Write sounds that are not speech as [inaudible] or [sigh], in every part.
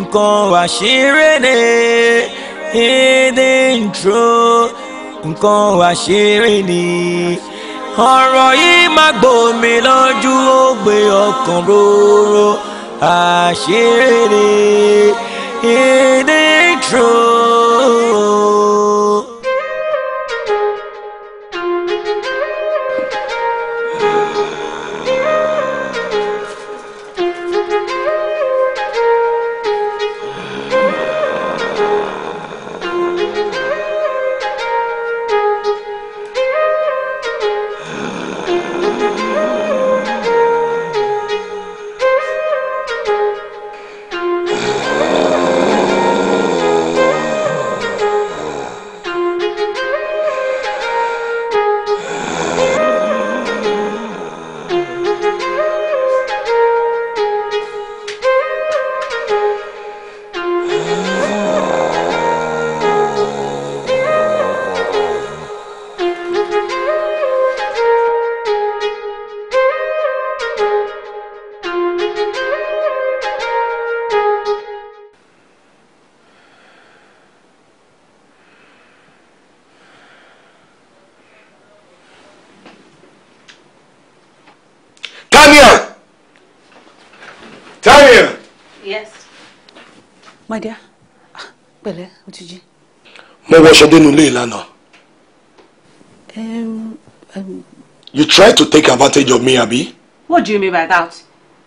nǹkan àṣírí ni hidden truth nǹkan àṣírí ni ọ̀rọ̀ yìí máa gbòmí lójú ó gbé ọkàn róró àṣírí ni hidden truth. wọṣọ dénú ilé ìlànà. you try to take advantage of me abi. what do you mean by that?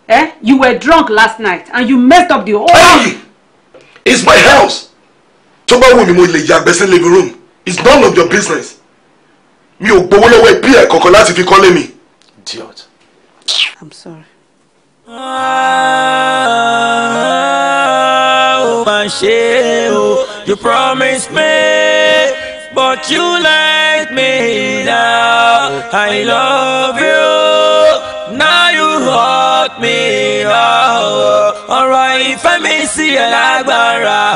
Eh? you were drunk last night and you messed up the whole. Hey! it's my house tó bá wù mí mo lè yàgbẹ́ sí living room it's none of your business mi ò gbowó lọ́wọ́ ẹbí ẹ̀ kankan láti fi kọ́lé mi. idiot. i'm sorry. ó máa ṣe é o you promised me make you like me now. I love you. Now you hurt me. Oh, ọ̀rọ̀ ìfẹ́ mi sí ẹ lágbára.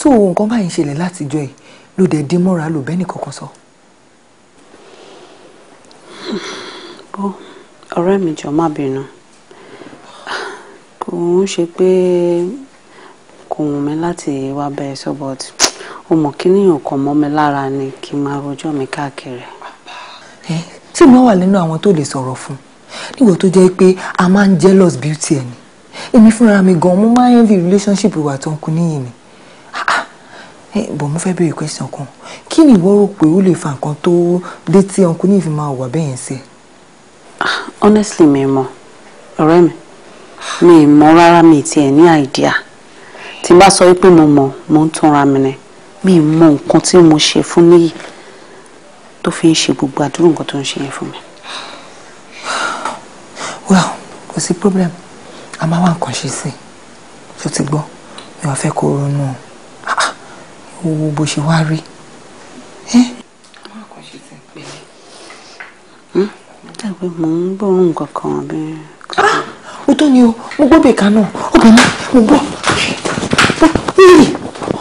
So nǹkan báyìí ń ṣẹlẹ̀ látijọ́ yìí ló dẹ̀ dín mọ́ra lò bẹ́ẹ̀ nìkankan sọ. Bó ọ̀rẹ́ mi jọ má bínú kò ń ṣe pé kò wù mí láti wá bẹ́ẹ̀ sọ but o mọ̀ kí níyàn kan mọ́ mi lára ni kí n máa rojọ́ mi káàkiri. ṣé mo wà nínú àwọn tó lè sọ̀rọ̀ fún nígbà tó jẹ́ pé a máa ń jealous beauty ẹ̀ ni èmi fúnra mi gan mo máa ń envy relationship wa tó ń kun níyì ni ah, ah, eh, bọ̀ mo fẹ́ béèrè question kan kí ni ìwọ rò pé ó lè fa nǹkan tó dé tí ọkùnrin níyì fi máa wà bẹ́ẹ̀ yẹn sí ah, honestly mi mọ̀ ọ̀rẹ́ mi mi mọ̀ rárá mi tiẹ̀ ní idea tí n bá sọ wípé mo mọ̀ mo ń tanra mi ni mi mọ nǹkan tí mo ṣe fún níyì tó fi ń ṣe gbogbo àdúrà nǹkan tó ń ṣe yẹn fún mi. well kò sí problem a máa wá nǹkan ṣe sí i tó ti gbọ́ mi ò fẹ́ kó ronú ah, ah, owó bó ṣe wá rí. dàgbé hmm? mò ń gbóòórùn kankan bí. Ah, ó tó ni o mo gbọ́ bèèkà náà obìnrin mo gbọ́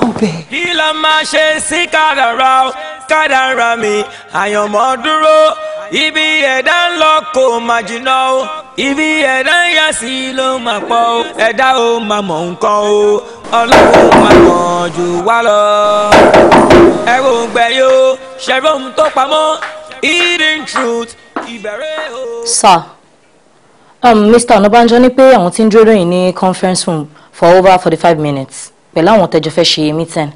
ọbẹ̀. kí la máa ṣe sí kádàrá kádàrá mi àyànmọ́ dúró ibi ẹ̀dá ń lọ kò má jìnnà o ibi ẹ̀dá ń yà sí ló máa pọ̀ o ẹ̀dá ò máa mọ̀ nǹkan o ọlọ́run máa mọ̀ jù wá lọ. ẹ̀rù ń gbẹ yóò ṣẹ̀rọ ohun tó pamọ́ hidden truth ìbẹ̀rẹ̀ o. sir um, Mr. Onabanjo ní pé àwọn tí ń dúró lóyìn ní conference room for over forty five minutes pẹ̀lú àwọn tẹ́jọ fẹ́ ṣe mítẹ́n.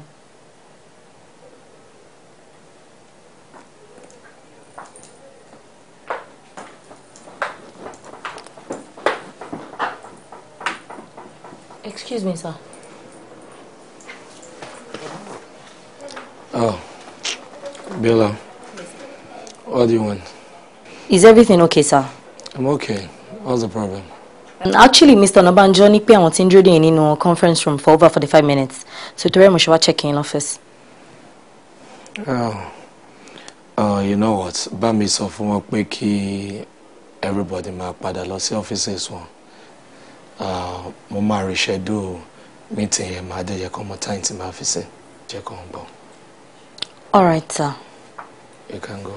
excuse me sir. oh Bella what do you want. is everything okay sir. i'm okay what's the problem actually mr onabanjo ní pé àwọn tí ń dúró conference room for over forty five minutes so torí ẹ̀ mo check in office? in oh, lọ́fíìsì. Oh, you know what bá mi sọ fún wọn pé kí everybody máa padà lọ sí offices wọn ah, mo máa reschedule meeting yẹn máa dẹ̀ yẹ kọ́ mọ time tí máa fi sìn jẹ́ kó all right sir. you can go.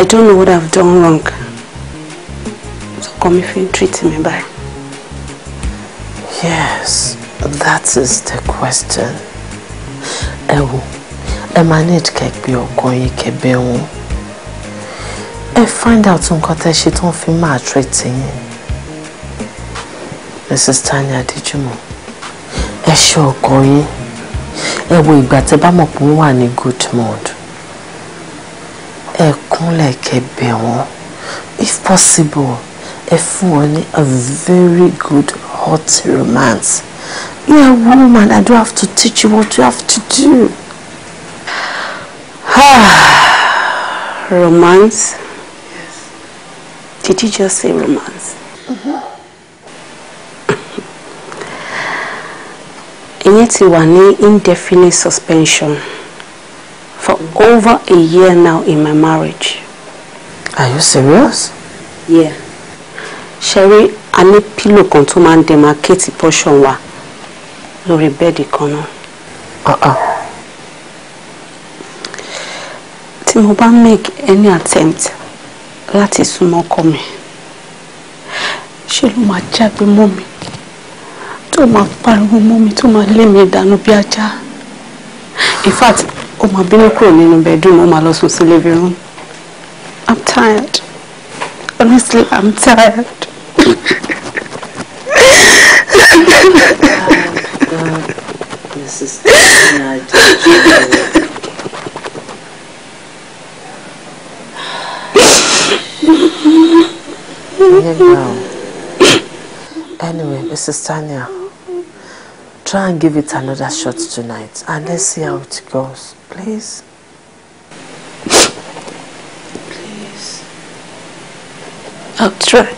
I don't know what I've done wrong. So come if you treat me by. Yes, that is the question. Ẹ wò, ẹ máa ní ìdíkẹ̀gbẹ́ ọkàn yìí kẹ̀bẹ́ wọn. find out nǹkan tẹ́ ṣe tó ń fi máa treat Mrs. Tanya Adéjúmọ̀, ẹ ṣe ọkàn yín. Ẹ wo ìgbà tẹ́ bá mọ̀ pé wọ́n wà ní good mood ẹ kúnlẹ̀ kẹ́ bẹ̀ wọ́n if possible ẹ fún wọn ní a very good hot romance you are a woman I don't have to teach you what you have to do. Ah, [sighs] romance? Yes. Did you just say romance? Mm-hmm. Ìyẹn ti wà ní indefinite suspension for over a year now in my marriage. Are you serious? Yeah. Sherry, a ní pílò kan tó máa ń demarcate portion wa lórí bẹ́ẹ̀dì kan náà. Uh-uh. Tí mo bá make any attempt láti súnmọ́ ọkọ mi, ṣé ló máa jágbe mọ́ mi? Tó máa pariwo mọ́ mi tó máa lé mi dànù bí ajá. In fact, ó máa bínú kúrò nínú bedroom ó máa lọ sùn sí living room i'm tired honestly i'm tired. Mrs. Anyway, Mrs. Tanya, try and give it another shot tonight and let's see how it goes. Please. Please. I'll try.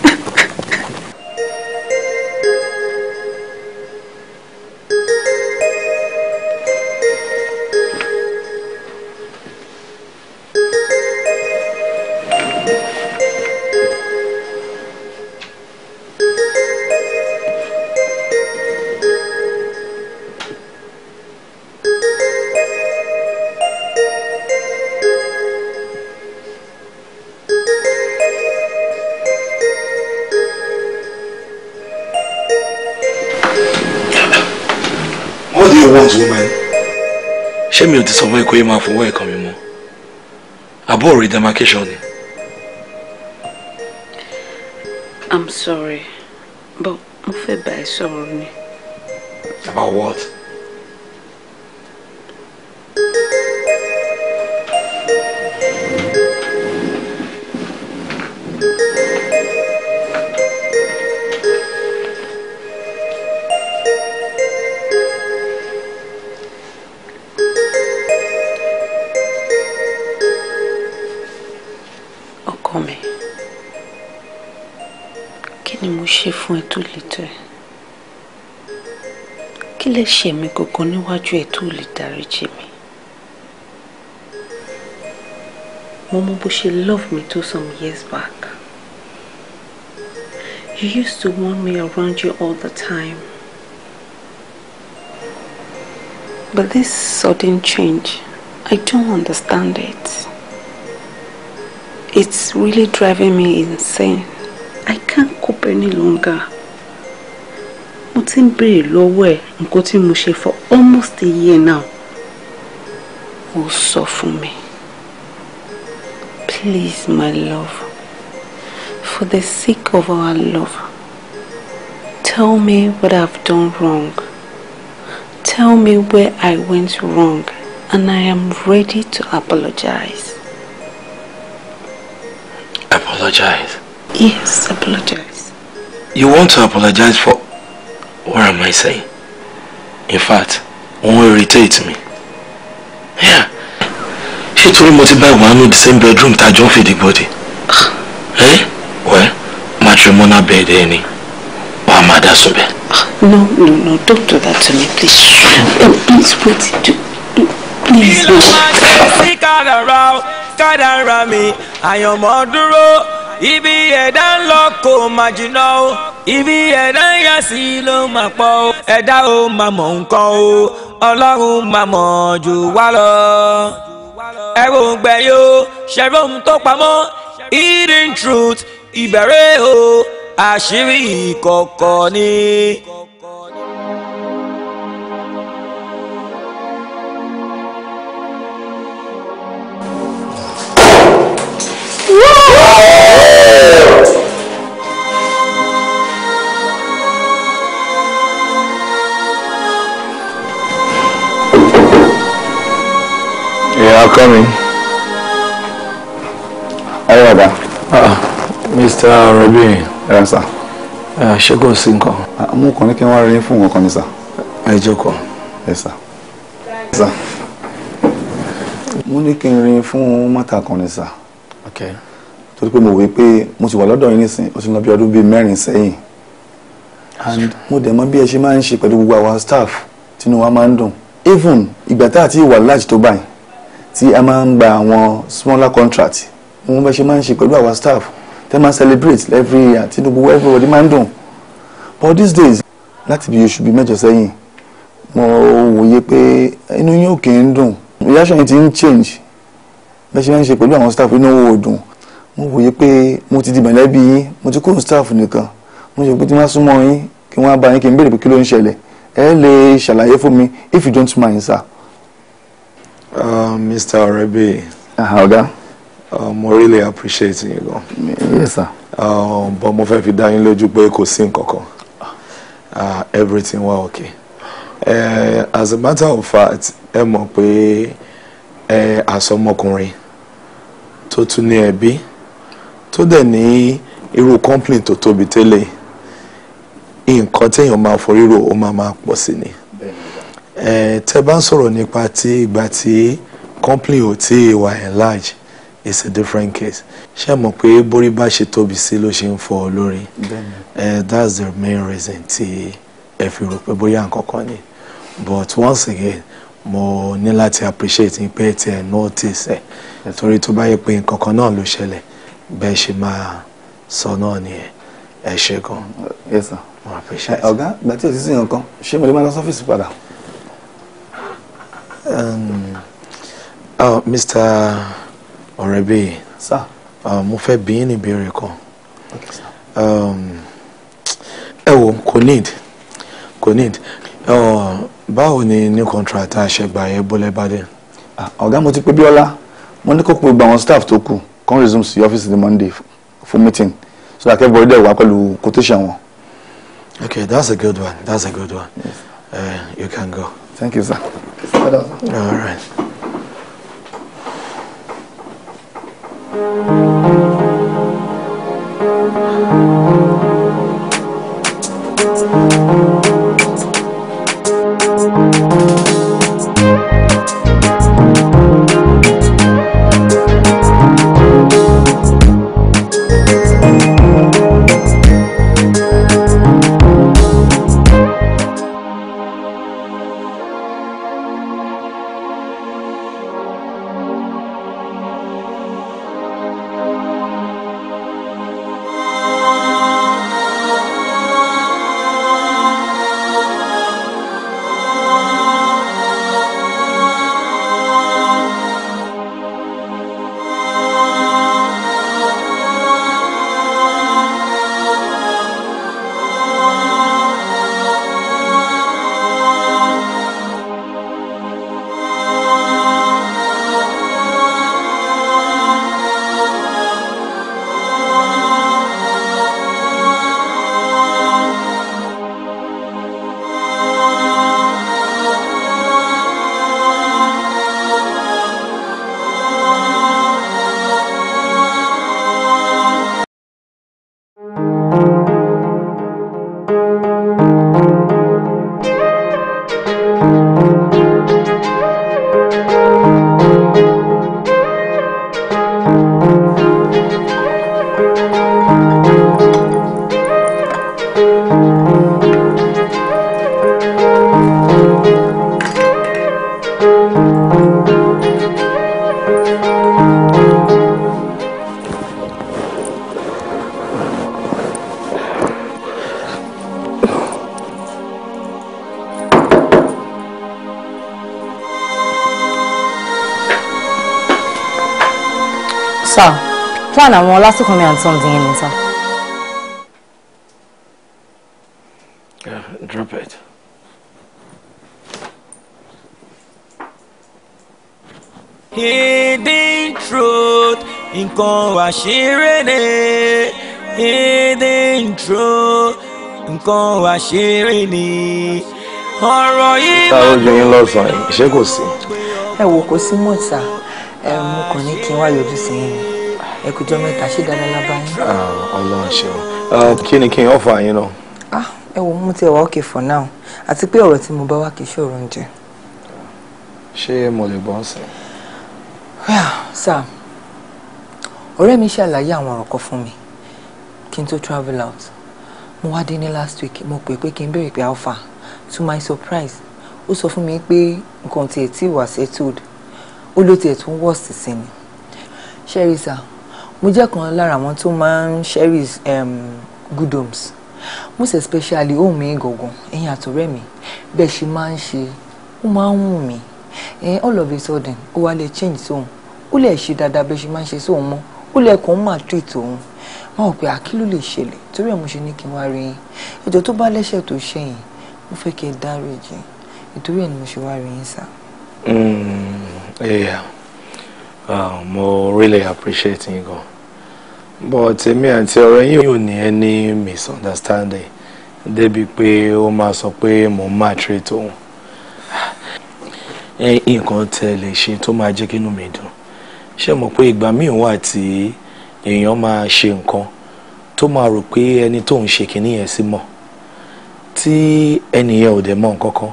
[laughs] ṣé mi ò ti sọ fún ẹ kó máa fọwọ́ ẹ̀kan mi mọ́ àbọ̀ ọ̀rọ̀ ni. I'm sorry but mo fẹ́ bá ẹ sọ̀rọ̀ ni. About what? fún ẹ tó lè tó ẹ kí lè ṣe mí gangan níwájú ẹ tó lè dáríjì mi mo mọ bó ṣe love me tó some years back you used to want me around you all the time but this sudden change I don't understand it it's really driving me insane ní lóńgà mo ti ń béèrè lọ́wọ́ ẹ̀ nǹkan tí mo ṣe for almost a year now ó sọ fún mi please my love for the sake of our love tell me what I've done wrong tell me where I went wrong and I am ready to apologize. Apologize? Yes, apologize. You want to apologize for... What am I saying? In fact, wọ́n irritate me. Yeah. Ṣé torí mo ti bá ìwà in the same bedroom That a jọ ń fìdí gbòdì? Ah. Eh? Well, matrimonial bed ẹ ni. Wà á máa dá sùn bẹ́ẹ̀. Ah, no, no, no, don't do that to me, please. Oh, eh, please, it to. Please, please. Kí ló máa ṣe sí ibi ẹ̀dá ń lọ kò má jìnnà o ibi ẹ̀dá ń yà sí ló máa pọ̀ o ẹ̀dá ó máa mọ̀ nǹkan o ọlọ́run máa mọ̀ jù wá lọ. ẹ̀rọ ògbẹ́ yóò ṣẹ̀rọ ohun tó pamọ́ hidden truth ìbẹ̀rẹ̀ o àṣírí ìkọ̀kọ̀ ni. rẹ̀bí ẹ̀rọ sà. ṣé kò sí nǹkan. mú kàn ní kí wọ́n rí fún nǹkan kan ní sà. ẹ jókòó. ẹ sà. sà. mo ní kí n rí fún mọ́tà kan ní sà. torí pé mo wí pé mo ti wà lọ́dọ̀ yín nísìn o ti lọ bí ọdún bíi mẹ́rin sẹ́yìn and mo dẹ̀ mọ̀ bí ẹ ṣe máa ń ṣe pẹ̀lú gbogbo àwọn staff tínú wa máa ń dùn even ìgbà tá àti ìwà large tó báyìí tí a máa ń gba àwọn smaller contract mo bẹ ṣe máa ń ṣe pẹ̀lú àwọn staff They must celebrate every year tí gbogbo everybody Man, ń but these days láti bí oṣù bíi mẹ́jọ sẹ́yìn mo wòye pé inú yín ò kì í dùn reaction yìí ti ń change bẹ́ẹ̀ ṣe ń ṣe pẹ̀lú àwọn staff inú owó dùn mo wòye pé mo ti di mọ̀lẹ́bí yín mo ti kúrò staff nìkan mo ṣe pé tí wọ́n súnmọ́ yín kí wọ́n bá yín kí n béèrè pé kí ló ń ṣẹlẹ̀ ẹ lè ṣàlàyé fún mi if you don't mind sir. Uh, Mr. Orebe. ọ̀gá. Uh, okay. Uh, mo really appreciate yín gan. yes sir. Um, but mo fẹ́ fi dá yín lójú pé kò sí nǹkan uh, everything wa okay. Uh, as a matter of fact ẹ mọ̀ pé ẹ àsọmọkùnrin tó tún ní ẹbí tó dẹ̀ ní irú company tó tóbi tẹ́lẹ̀ nǹkan téèyàn máa forí rò ó máa máa pọ̀ sí ni. tẹ́ bá ń sọ̀rọ̀ nípa ti ìgbà tí company ò tí ì wà enlarge it's a different case ṣé mọ̀ pé borí bá ṣe tóbi sí ló ṣe ń fọ olórin that's the main reason tí ẹ fi rò pé bóyá nǹkan ni but once again mo ní láti appreciate pé tí ẹ notice ẹ torí tó bá yẹ pé nǹkan kan náà ló ṣẹlẹ̀ bẹ́ẹ̀ ṣe máa sọ náà nìyẹn ẹ ṣe gan. yes sir mo appreciate. ọ̀gá ìgbà tí o ti sìn nǹkan ṣé mo lè máa lọ sọ́fíìsì padà. Mr. Um, oh, ọ̀rẹ́ bẹ́ẹ̀ ah, mo fẹ́ bi yín ní ìbéèrè kan um, ẹ wo kò need kò need uh, báwo ni new contract a ṣe gbà yẹn bọ́lẹ̀ bá dé. Ah, ọ̀gá mo ti pè Bíọ́lá mo ní kó pe gbogbo àwọn staff tó kù come resume sí ọ́fíìsì ní Monday for meeting so that everybody dẹ̀ wá pẹ̀lú quotation wọn. okay that's a good one that's a good one yes. uh, you can go. thank you sir. all right. Thank you. plan àwọn Ọlásùnkànmí and sons yẹn ni drop it. Hidden truth, nǹkan àṣírí ni. Hidden truth, nǹkan àṣírí ni. Ọ̀rọ̀ yìí. Táwọn obìnrin lọ́sàn-án, ṣé kò sí? Ẹ wò kó sí mọ́tà, mo kàn ní kí n wá yọjú sí yín ni ẹkùjọ mẹ́ta ṣé dáadáa lábá yín. Ah, Ọlọ́run ṣeun ah, kí ni kí n ọfọ àyín lọ. ẹ wo mú tiẹ̀ wá òkè for now àti pé ọ̀rọ̀ tí mo bá wá kì í ṣòro ń jẹ. ṣé mo lè bọ́ sí. sir ọ̀rẹ́ mi ṣàlàyé àwọn ọ̀rọ̀ kan fún mi kí n tó travel out mo wá dé ní last week mo pè pé kí n béèrè pé how to my surprise ó sọ fún mi pé nǹkan tiẹ̀ tí wà settled ó ló tiẹ̀ tún worst sí ni ṣẹ́rí sir mo jẹ́ kan lára àwọn tó máa ń cherish um, good homes most especially home mi gangan ẹ̀yin àtọ̀rẹ́ mi bẹ́ẹ̀ ṣe máa ń ṣe ó máa ń wù mí all of a sudden ó wá lè change sóhun ó lè ṣe dáadáa bẹ́ẹ̀ ṣe máa ń ṣe sóhun mọ́ ó lè kàn máa treat òun wọn ò pé àkí ló lè ṣẹlẹ̀ torí ẹ̀ mo ṣe ní kí n wá rí yín ìjọ tó bá lẹ́ṣẹ̀ tó ṣẹ̀yìn mo fẹ́ kí ẹ dáríjì nítorí ẹ̀ ni mo ṣe wá rí yín sá. Ah, mo really appreciate yín gan but èmi àti ọ̀rẹ́ yín ò ní any misunderstanding débi pé ó máa sọ pé mo máa treat òun ah, nǹkan tẹ́ lè ṣe tó máa jẹ́ kínú mi dùn ṣé mo pé ìgbà míì wà tí èèyàn máa ṣe nǹkan tó máa rò pé ẹni tó ń ṣe kínní yẹn sí mọ̀ tí ẹnìyẹn ò dẹ̀ mọ̀ nǹkan kan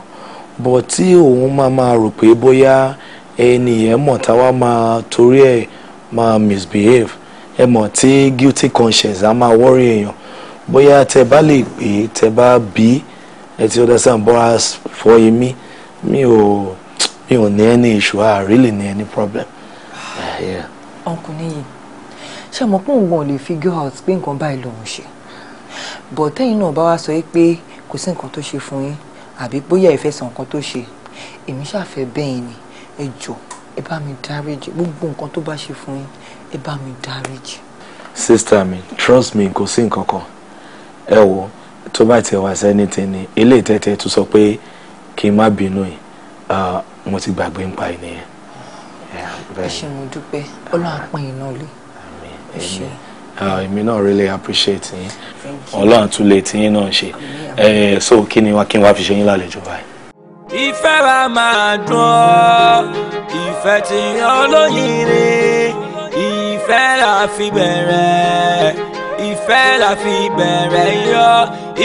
but tí òun máa máa rò pé bóyá ẹnìyẹn mọ̀ táwa máa torí ẹ̀ máa misbehave ẹ mọ̀ tí guilty conscience á máa wọ́rí èèyàn bóyá tẹ bá lè pè é tẹ bá bí ẹ ti ọdọ sàn bọ́ra fọ èmi mi ò mi ò ní any issue I really ní any problem. Ah, ọkùnrin yìí ṣé mo pọ́n òun ò lè figure out pé nǹkan báyìí lòun ṣe but tẹ́yìn náà bá wá sọ pé kò sí nǹkan tó ṣe fún yín àbí bóyá ìfẹsẹ̀ nǹkan tó ṣe èmi ṣàfẹ́ bẹ́ẹ̀ ni ẹ jọ ẹ bá mi dáríjì gbogbo nǹkan tó bá ṣe fún yín ẹ bá mi dáríjì. sista mi trust me kò sí nǹkan kan ẹ wo tó bá tiẹ̀ wá sẹ́nìtì ni ilé ìtẹ́tẹ́ tún sọ pé kí n má bínú yìí mo ti gbàgbé ń pa ènìyàn. ẹ ṣé mo dúpẹ́ ọlọ́run apọ̀ yìí náà lè. èmi náà really appreciate yín ọlọ́run tún lè tí yín náà ṣe so kí ni wá kí n wá fi ṣe yín lálejò báyìí ìfẹ́ wa máa dùn ọ́ ìfẹ́ tí olóyin ni ìfẹ́ la fi bẹ̀rẹ̀ ìfẹ́ la fi bẹ̀rẹ̀ yọ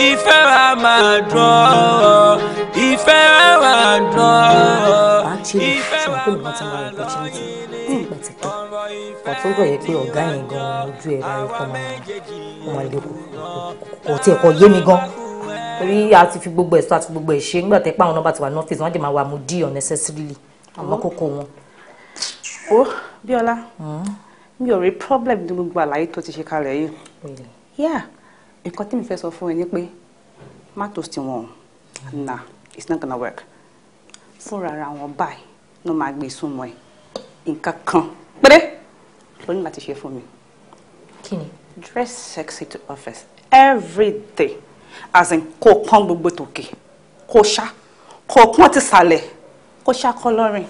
ìfẹ́ wa máa dùn ọ́ ìfẹ́ wa máa dùn ọ́ ìfẹ́ wa máa lóyin ní ọ̀rọ̀ ìfẹ́ àtúntò yẹ pé ọ̀gá yẹn gan-an ojú ẹ̀ bá rí kọ́ máa lè kó kò tiẹ̀ kọ́ yé mi gan-an torí a ti fi gbogbo ẹ̀sọ́ àti gbogbo ẹ̀ṣẹ́ nígbà tẹ́ pé àwọn nọ́mbà ti wà ní ọ́fíìsì wọ́n jẹ́ máa wà mú dí unnecessarily àwọn kókó wọn. o Bíọ́lá hmm? mi ò rí problem ní gbogbo àlàyé tó ti ṣe kalẹ̀ yìí yeah nǹkan tí mi fẹ́ sọ fún ẹ ni pé má toast wọn hmm. na it's not gonna work fúnra ara wọn báyìí ló máa gbé súnmọ́ ẹ nǹkan kan péré ló ní láti ṣe fún mi. kí ni. dress sexy to office every day as in kó gbogbo tòkè kó ṣá kó pọ́n ti sàlẹ̀ kó ṣá kọ́ lọ́rìn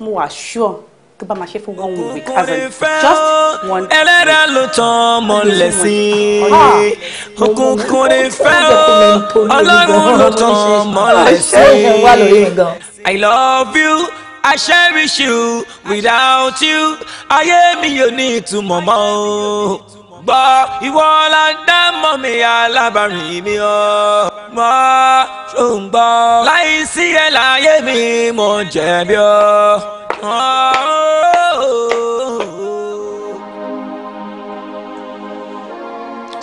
mo wà sure tó bá máa ṣe fún one week as just one week. ẹlẹ́dà ló tán ọmọ lẹ̀ sí i ah, ah, ní fẹ́ ọlọ́run ló tán ọmọ lẹ̀ i love you. I cherish you without you ayé mi ò ní ìtumọ̀ mọ́ o gbọ́ ìwọ la dá mọ́ mi alábàárìn mi ọ́ mọ́ ṣó ń gbọ́ láì sí ẹ̀ láyé mi mo jẹ̀bi ọ́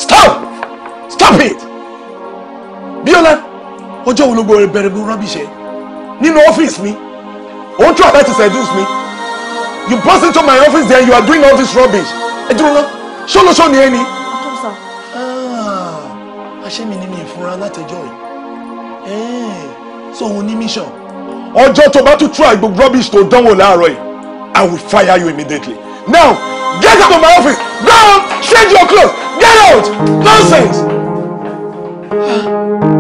stop stop it biola ọjọ́ wo ló gbọ́ bẹ̀rẹ̀ bí rọ́bì ṣe nínú ọ́fíìsì mi òun tún àbẹ́ ti seduce me you burst into my office there you are doing all this rubbish ẹ dúró náà ṣọlọṣọ ni ẹ ni. aṣẹ́ ah, mi ni mi ìfura látẹjọ́ yìí eh, so òun ní mission. ọjọ́ tó bá tún try gbogbo rubbish tó dánwò láàárọ̀ yìí I will fire you immediately now get out of my office go change your clothes get out No sense. Ah.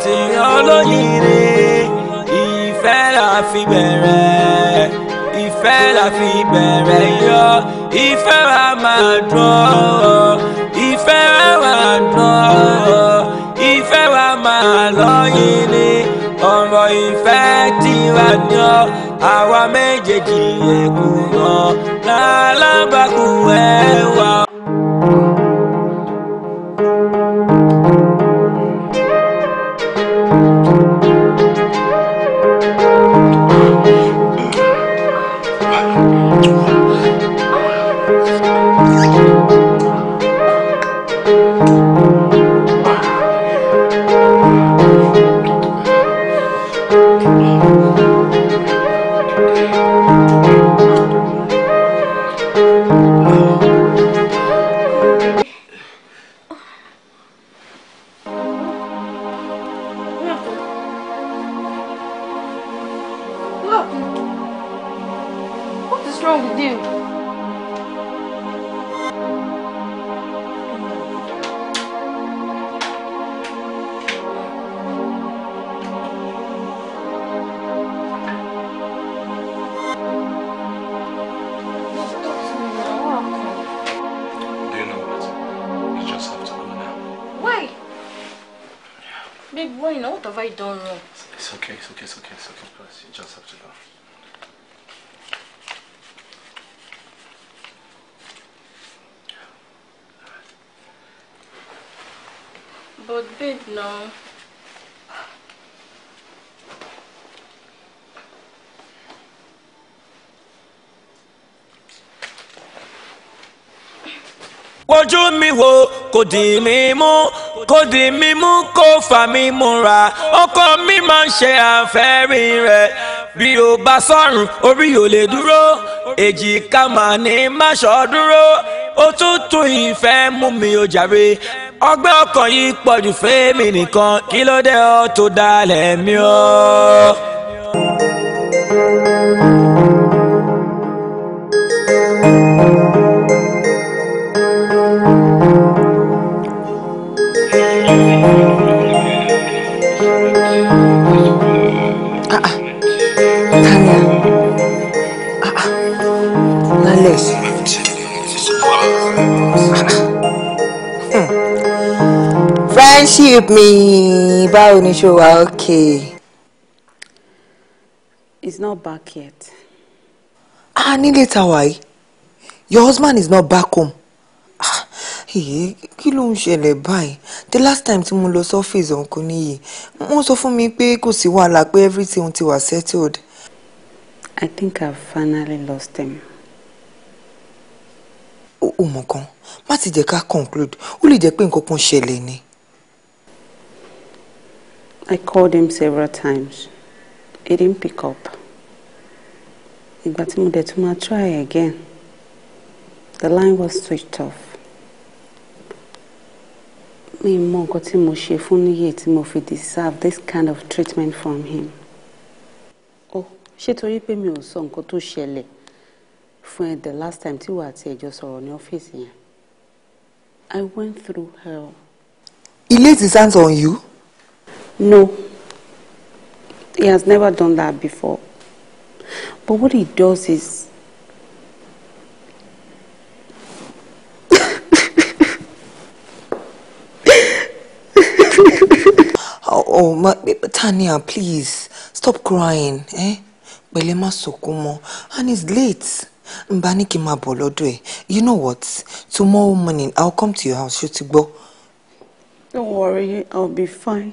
ti olóyìnbó ìfẹ́ la fi bẹ̀rẹ̀ ìfẹ́ la fi bẹ̀rẹ̀ yọ ìfẹ́ wa máa dùn ìfẹ́ wa máa dùn ìfẹ́ wa máa lọ́yìn ni ọ̀rọ̀ ìfẹ́ tiwa ni ọ́ àwa méjèèjì ẹ̀kú náà lálábàkú ẹ̀wà. thank you kò dì mí mú kò dì mí mú kò fà mí múra ọkọ mi máa ń ṣe àfẹ́rìn rẹ̀ bí o bá sọ̀rùn orí ò lè dúró èjìká màá ní má ṣọ́ dúró ó tún tún ìfẹ́ mú mi ò jàre ọgbẹ́ ọkàn yìí pọ̀jù fẹ́mi nìkan kí ló dé ọ tó dalẹ̀ mi o. friendship mi báwo ni ṣe wà okay. he's not back yet. ah nílé ta wàyí your husband is not back home. ah èyí kí ló ń ṣẹlẹ̀ báyìí the last time tí mo lọ sọ́fíìsì ọ̀nkún nìyí wọ́n sọ fún mi pé kò sí wàhálà pé everything ti wà settled. I think I've finally lost him. o mọ̀ kan má ti jẹ́ ká conclude ó lè jẹ́ pé nǹkan kan ṣẹlẹ̀ ni. I called him several times. He didn't pick up. Ìgbà tí mo dẹ̀ tún máa try again. The line was switched off. Mi mọ nǹkan tí mo ṣe fún níyè tí mo fi deserve this kind of treatment from him. Ó ṣé torí pé mi ò sọ nǹkan to ṣẹlẹ̀ fún ẹ the last time tí wàá àti ẹ̀jọ́ sọ̀rọ̀ ní ọ́fíìsì yẹn. I went through hell. He laid his hands on you. No. He has never done that before. But what he does is. oh, oh my, eh, Tanya, please stop crying, eh? Pẹ̀lẹ́ má and it's late. Mbani kima bolodwe. You know what? Tomorrow morning I'll come to your house, ṣó ti gbọ́. Don't worry, I'll be fine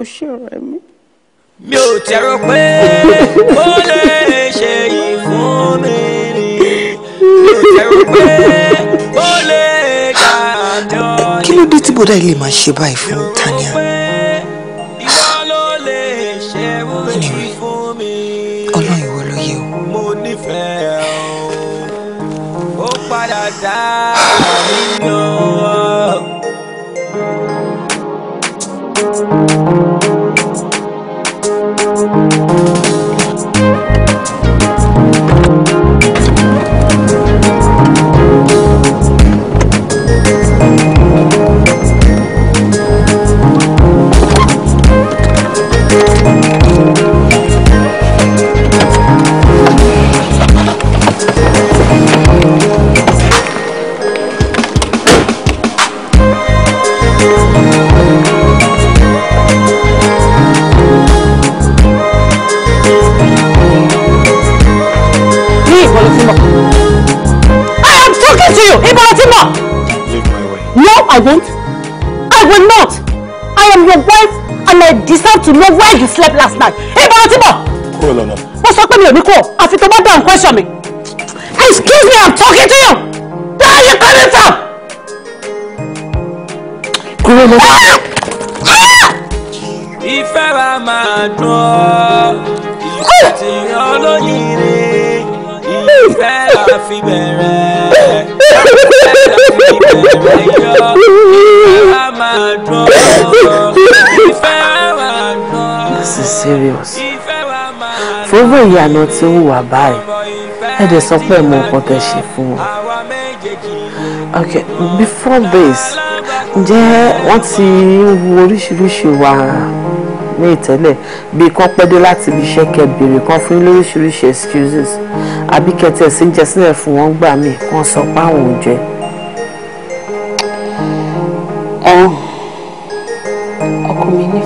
o ṣe ọ̀rẹ́ mi. mi ò tẹ̀rọ pé ó lè ṣe yìí fún mi ni mi ò tẹ̀rọ pé ó lè ṣàjọyọ̀. kí ló dé tí bọ́dá ilé máa ṣe báyìí fún Tania. I won't. I will not. I am your wife and I deserve to know where you slept last night. Ibo ló ti bọ̀. Kúrò lọ́nà. Wọ́n you, pé mi ò ní kúrò àfi tó question mi. Excuse me, I'm talking to you. Where are you coming from? Kúrò lọ́nà. Ah! Ah! Ìfẹ́ ra máa dùn ọ́, ìfẹ́ ti rán lóyìnrè, ìfẹ́ ra fi bẹ̀rẹ̀. This is serious. Fúnfún ìyànà tí ó wà báyìí, ẹ dẹ̀ sọ pé mo kàn tẹ̀ ṣe fún wọn. Okay, before this, ǹjẹ́ wọ́n ti ń wo oríṣiríṣi wa ní ìtẹ́lẹ̀ bí kan pẹ́dé láti ibi iṣẹ́ kẹ béèrè kan fún yín lóríṣiríṣi excuses àbí kẹtẹ̀ sí ń jẹ sílẹ̀ fún wọn gbà mí kan sọ pé àwọn ò jẹ́.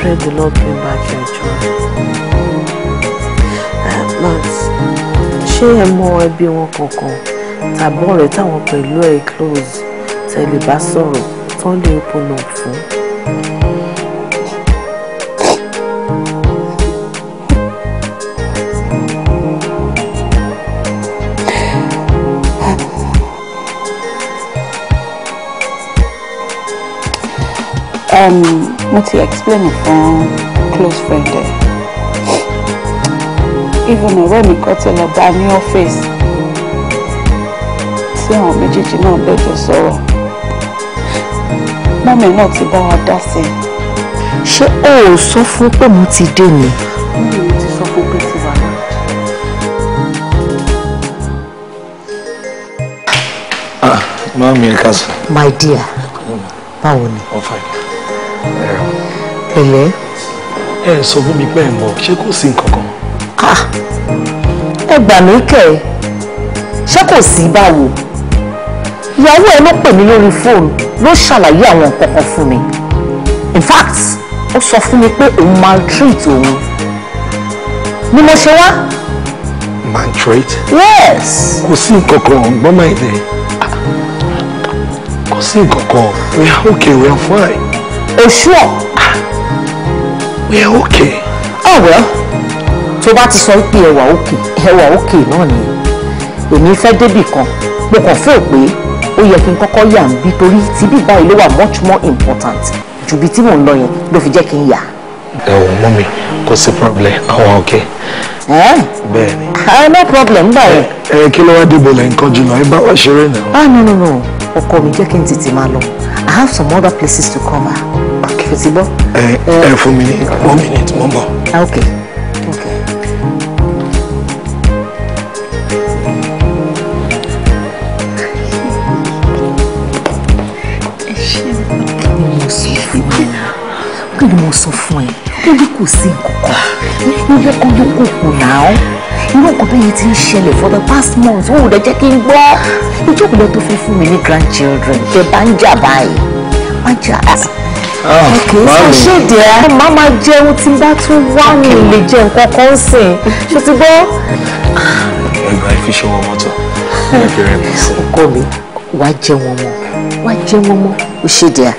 pray the Lord bring back your joy. Max, ṣé ẹ mọ ẹbí wọn kankan tàbí ọ̀rẹ́ táwọn pẹ̀lú ẹ̀ close tẹ̀lé bá sọ̀rọ̀ tán lè open up fún? Um, mo ti explain fún close friend ẹ even ọ̀rẹ́ mi kan ti lọ bá ní ọ́fíìsì tí àwọn méjèèjì náà bẹ̀jọ sọ̀rọ̀ mọ́mí náà ti bá wa dá sí i. ṣé o ò sọ fún pé mo ti dé ni. mi ò ti ah mọ́mí ẹ káàsán. my dear báwo ni pẹ̀lẹ́. ẹ sọ fún mi pé ẹ mọ̀ ṣé kò sí nǹkan kan. Ah! ẹ gbà mí kẹ́ ẹ ṣé kò sí báwo ìyàwó ẹ ló pè mí lórí fóònù ló ṣàlàyé àwọn nǹkan kan fún mi in fact ó sọ fún mi pé òun maltreat òun ni mo ṣe wá. maltreat. yes. kò sí nǹkan kan ọ̀gbọ́n máa ń dẹ̀ kò sí nǹkan kan we are okay we are fine. oṣù sure we are okay. oh well tó bá ti sọ pé ẹwà òkè okay. òkè náà ni èmi fẹ́ débì kan mo kàn fẹ́ pé ó yẹ kí n kọ́kọ́ yà ń bí torí tibí báyìí ló wà much more important ju bí tí mò ń Don't forget ló fi jẹ́ kí n yà. problem àwọn okay. Eh? ni. ẹ no problem báyìí. Eh, kí ló wá dìbò lẹ́yìn kan jùlọ ẹ bá wá ṣeré ah no no no ọkọ mi jẹ́ kí n tètè i have some other places to come ah. ṣòtì gbọ́ ẹ ẹ fún mi ní one minute mo ń ah, okay okay. kí ni mo sọ fún ẹ ó ní kò sí nǹkan kan ní lẹ́kọ̀ọ́ ló kò kù náà irú nǹkan bẹ́yẹn ti ń ṣẹlẹ̀ for the past month ó ò dẹ̀ jẹ́ kí n gbọ́ ìjókòó lọ tó fẹ́ fún mi ní grandchildren tẹ bá ń jà báyìí má jà á kì í ṣe ṣèdè á má má jẹun tí bá tún wá mi lè jẹ nǹkan kan sìn ṣe ti gbọ́. ẹgbà ifi ṣe wọn mọ́tò ẹgbẹ̀rẹ̀ mi sí. ọkọ mi wá jẹ wọn mọ wá jẹ wọn mọ ó ṣèdè á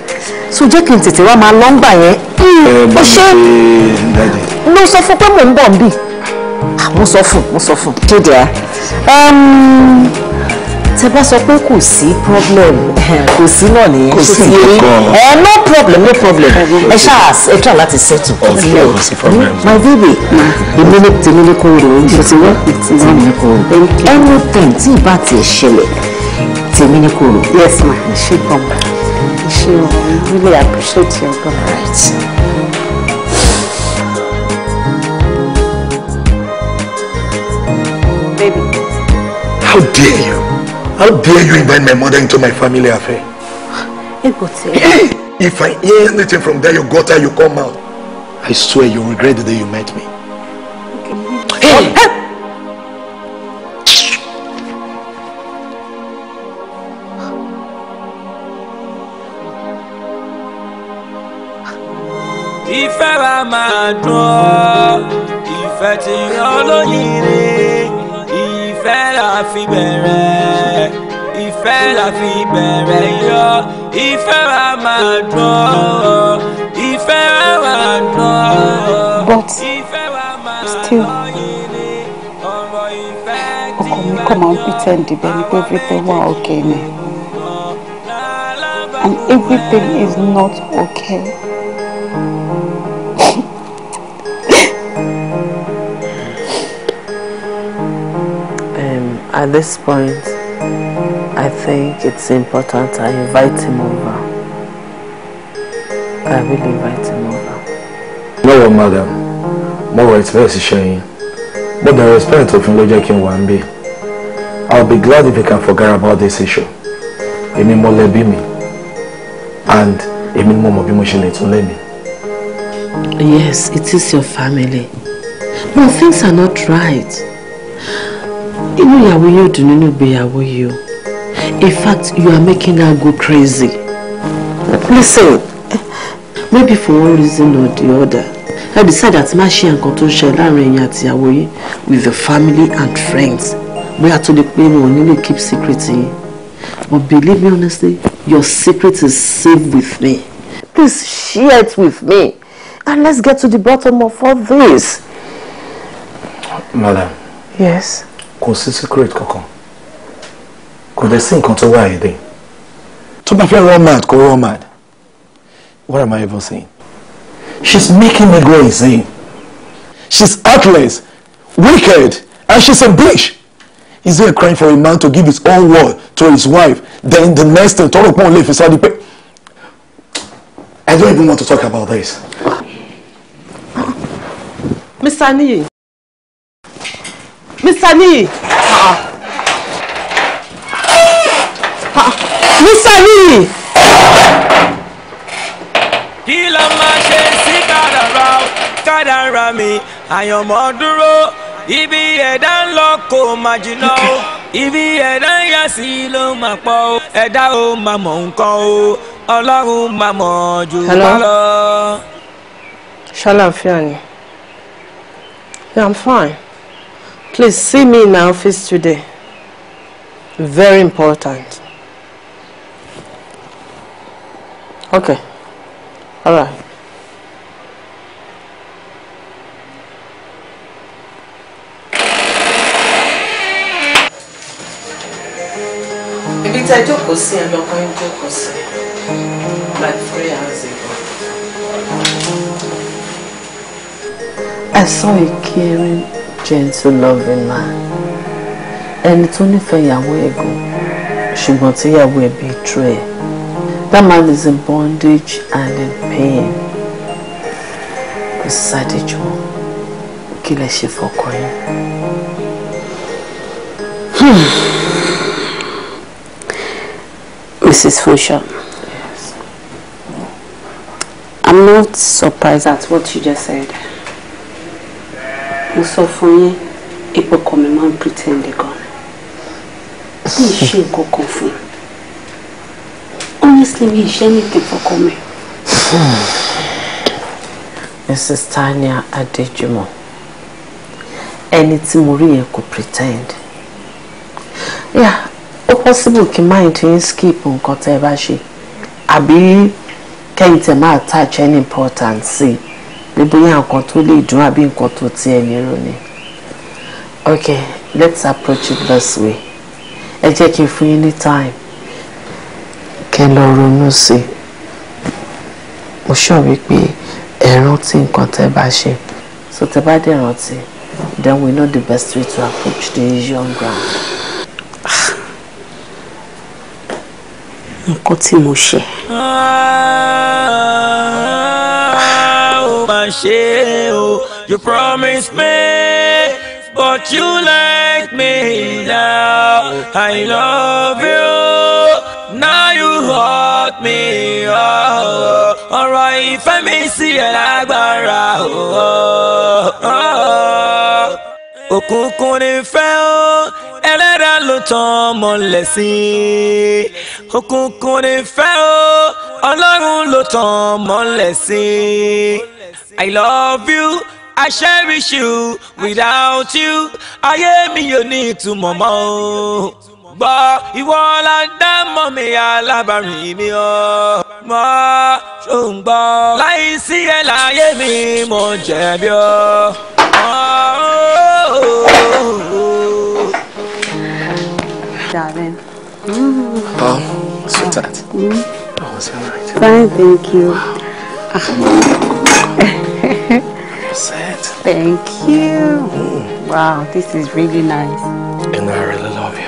so jẹ́ kí n tètè wá máa lọ́ngbà yẹn. ó ṣe ló sọ fún pé mò ń bọ̀ ń bì ah, mo sọ fún mo sọ fún kéde á tẹ bá sọ pé kò sí problem [laughs] kò sí náà nìyẹn kò sí nǹkan eh, no problem no problem ẹ ṣáà ẹ try láti settle kò sí lọ mm, my baby mm. èmi ní tèmi ní kóró oúnjẹ tí wọ́n ti wọ́n ní kóró anything tí ìbá ti ṣẹlẹ̀ tèmi ní kóró. yes ma ṣe gbọ́n ṣe o really appreciate your god. Right. How dare you? How dare you invite my mother into my family affair? [clears throat] if I hear anything from there, you got her, you come out. I swear you regret the day you met me. Okay. Hey! hey! ìfẹ́ wa máa dùn ọ́ ìfẹ́ tí ọlọ́yìn rí fi bẹ̀rẹ̀ ìfẹ́ la fi bẹ̀rẹ̀ yọ ìfẹ́ wa máa dùn ìfẹ́ wa máa dùn. but still ọkọ mi kọ́ máa ń pretend ibẹ̀ ni pé everything wà okay ni and everything is not okay. At this point, I think it's important I invite him over. I will invite him over. Lọ́wọ́ madam, More, rọ̀ very ìṣiṣẹ́ But the respect of ló jẹ́ kí n wà I'll be glad if you can forget about this issue. Èmi mo lẹ̀bi mi and èmi mo mọ̀ bí mo ṣe lè Yes, it is your family. But things are not right inú ìyàwó yóò dùn nínú ìgbéyàwó yìí in fact you are making her go crazy listen maybe for one reason or the other I decide that má ṣe nǹkan tó ń ṣe láàrin ẹ̀yin àti with the family and friends bóyá tó lè pé wọn ò ní lè keep secret yìí but believe me honestly your secret is safe with me please share it with me and let's get to the bottom of all this. Madam. Yes kò sí secret kankan kò dẹ̀ sí nǹkan tó wà yìí dé. tó bá fẹ́ run mad kó run mad what am I even saying she's making me go insane she's heartless wicked and she's a bitch is there a crime for a man to give his own word to his wife then the next thing tọrọ pọn lè fi sáré pé I don't even want to talk about this. Mr. Niyi, Mr. Niyi. Mr. Niyi. Kí la máa ṣe sí kádàrá kádàrá mi? Àyànmọ́ dúró ibi ẹ̀dá ń lọ kó má jìnnà o ibi ẹ̀dá ń yà sí ló máa pọ̀ o ẹ̀dá ó máa mọ̀ nǹkan o ọlọ́run máa mọ̀ jù wá lọ. ṣàlàáfíà ni. Yeah, I'm fine. Please see me in my office today. Very important. Okay. All right. Ibi tẹ́ jókòó sí ẹ lọ́kọ́ yín jókòó sí like three hours ago. I saw you, caring gentle loving man ẹni tó nífẹ̀ẹ́ ìyàwó ẹ̀ gan ṣùgbọ́n tíyàwó ẹ̀ bí true ẹ̀ that man is in bondage and in pain kò sí sádìjọ́ kí lẹ ṣe fọkọ yín. Mrs. Hmm. Funsho. Yes. I'm not surprised at what you just said mo sọ fún yín ipò kan mi máa ń pretend gan mi ì ṣe nǹkan kan fún honestly mi ì ṣe anything fọkọ mi. Mrs. [sighs] Tania Adejumo ẹni tí mo rí yẹn kò pretend yeah ó possible kí mind yín skip nǹkan tẹ́ ẹ bá ṣe àbí kẹ́yìn máa attach any importance sí pé bóyá nǹkan tó lè dùn àbí nǹkan tó tiẹ̀ lérò ni. okay let's approach it this way ẹ jẹ́ kí n fún yín ní time kẹ́ lọ ronú sí i mo sọ wípé ẹ rántí nǹkan tẹ́ bá ṣe so tẹ́ bá dẹ̀ rántí then we know the best way to approach the issue on ground. nǹkan tí mo ṣe. Ah ṣe o. You promised me, but you let me now. I love you, now you hurt me. Ọ̀rọ̀ ìfẹ́ mi sí ẹ̀ lágbára. Òkùnkùn ni fẹ́ o, ẹlẹ́dàá ló tàn mọ́lẹ̀ sí. Òkùnkùn ni fẹ́ o ọlọ́run ló tàn mọ́lẹ̀ sí i love you I cherish you without you ayé mi yóò ní ìtumọ̀ mọ́ o gbọ́ ìwọ la dá mọ́ mi alábàárìn mi ọ́ mọ́ ṣó ń gbọ́ láì sí ẹ̀ láyé mi mo jẹ̀bi ọ́ Darling. Mm. Oh, sweetheart. Mm. How's your night? Fine, thank you. Ah. Set. [laughs] Thank you. Mm. Wow, this is really nice. And I really love you.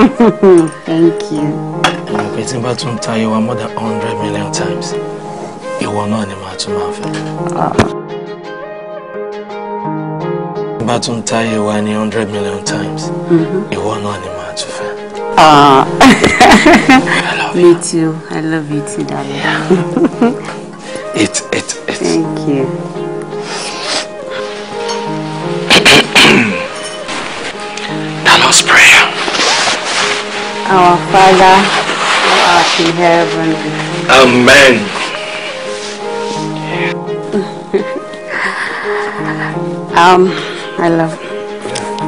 [laughs] thank you. I'm been back to tell you more than 100 million times. You will not anymore to my family. bá tún to wa ní hundred million times ìwọ náà ni màá You ah. naa mm-hmm. ni to fẹ́. Ah. Me too. I love you too, darling. [laughs] it, it, it. Thank you. the [clears throat] Prayer. Our Father, who art in heaven. Amen. [laughs] um, I love.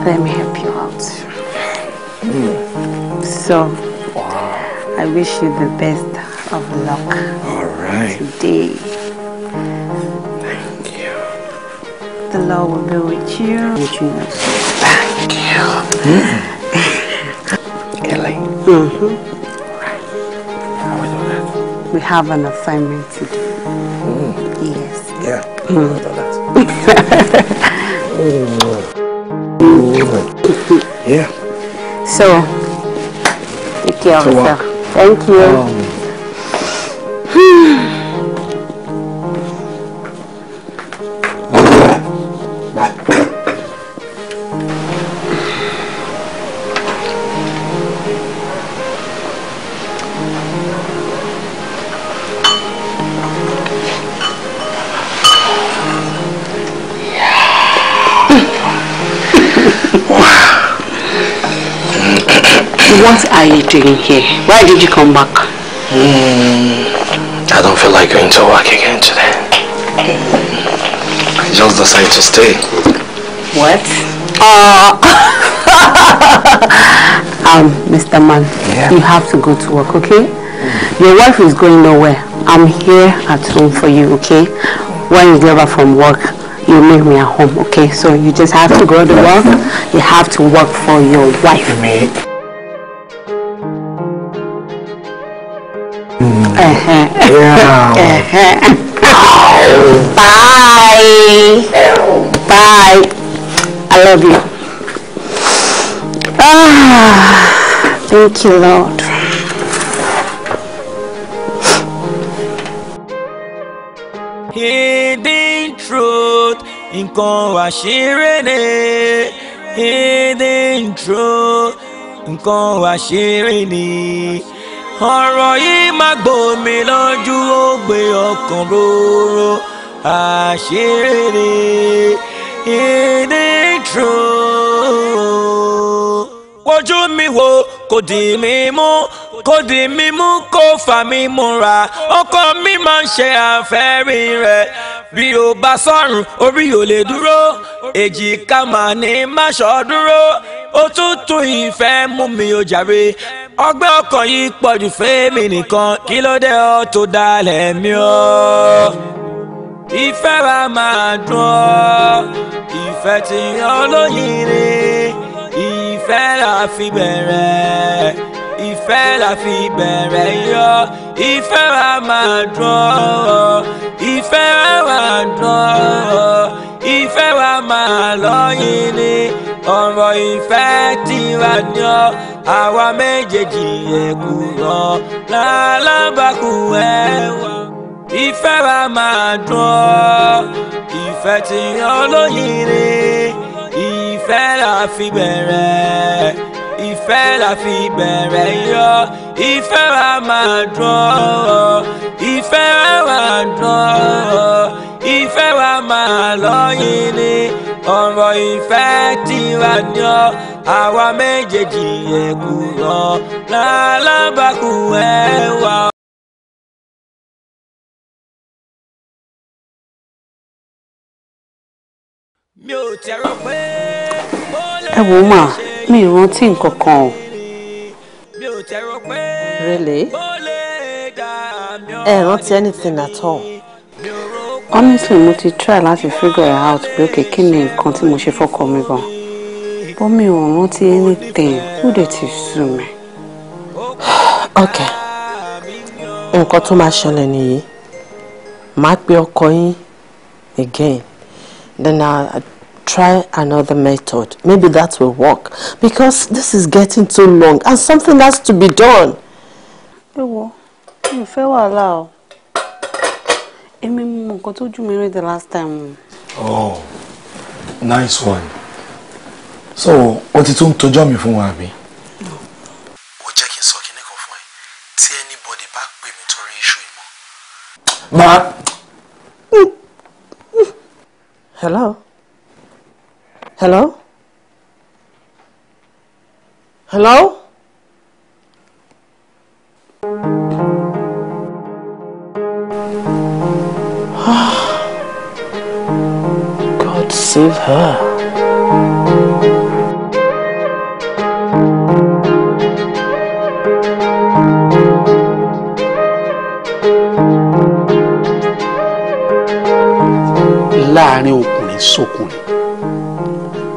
Let me help you out. Mm. So. I wish you the best of luck. All right. Today. Thank you. The Lord will be with you. With you. Thank you. Mm Ellie. Mm -hmm. Right. How we that? We have an assignment to do. Mm. Yes. Yeah. Mm. [laughs] mm. [laughs] Yeah. So, take care so of yourself. Thank you. Um. are you doing here? Why did you come back? Mm, I don't feel like going to work again today. Hmm. I just decided to stay. What? Uh, [laughs] um, Mr. Man, yeah. you have to go to work, okay? Mm. Your wife is going nowhere. I'm here at home for you, okay? When you get from work, you make me at home, okay? So you just have to go to work. You have to work for your wife. Bye. Bye. I love you. Ah, thank you, Lord. Hidden truth, nǹkan wà Hidden truth, nǹkan wà ọ̀rọ̀ yìí má gbòmí lójú ó gbé ọkàn róró àṣírí ìdí tru. wojú mi wo kò dì mí mú kò dì mí mú kó fà mí múra ọkọ mi máa ń ṣe àfẹ́rí rẹ̀ bí o bá sọ̀rùn orí ò lè dúró èjìká mà ní má ṣọ́ dúró òtútù ìfẹ́ mú mi ò jàre ọgbẹ́ ọkàn yìí pọ̀jù fẹ́mi nìkan kí ló dé ọ tó dalẹ̀ mi ọ́ ìfẹ́ ra máa dùn ọ́ ìfẹ́ tí yan lóyìn ni ìfẹ́ la fi bẹ̀rẹ̀ ìfẹ́ la fi bẹ̀rẹ̀ yọ ìfẹ́ ra máa dùn ọ́ ìfẹ́ wa máa dùn ọ́ ìfẹ́ ra máa lóyìn ni ọ̀rọ̀ ìfẹ́ tiwa ni ọ́ àwa méjèèjì ẹ̀kú rọ̀ lálábàkú ẹ̀wà ìfẹ́ wa máa dùn ọ́ ìfẹ́ tí olóyin ìfẹ́ la fi bẹ̀rẹ̀ ìfẹ́ la fi bẹ̀rẹ̀ yọ ìfẹ́ wa máa dùn ọ́ ìfẹ́ wa máa dùn ọ́ ìfẹ́ wa máa lọ́yìn ni ọ̀rọ̀ ìfẹ́ tiwa ni ọ́ àwa méjèèjì ẹ̀kú ọ̀ lálábàkú ẹ̀ wá. mi ò tẹ̀rọ pé ó lè ṣe é. mi ì nǹkan kan o. mi ò tẹ̀rọ pé ó lè dà mí ọ́. ẹ rántí anything at all honestly mo ti try láti figure out pé òkè kí ni nǹkan tí mo ṣe fọ́kọ mi gan bó mi ò rántí anything ó dẹ̀ ti sú mi. ok nǹkan tó máa ṣẹlẹ̀ nìyí màá pe ọkọ yín again then I'll try another method maybe that will work because this is getting too long and something has to be done. ẹ wo mi ò fẹ́ wàhálà o èmi mọ nǹkan tó jù mí rí the last time. oh nice one so o ti tún tọjọ́ mi fún wa àbí. ó jẹ́ kí n sọ kinní kan fún ẹ tí anybody bá pè mí torí iṣu ìmọ̀. máa. hello hello hello. thank save her. láàrin ọkùnrin sókùnrin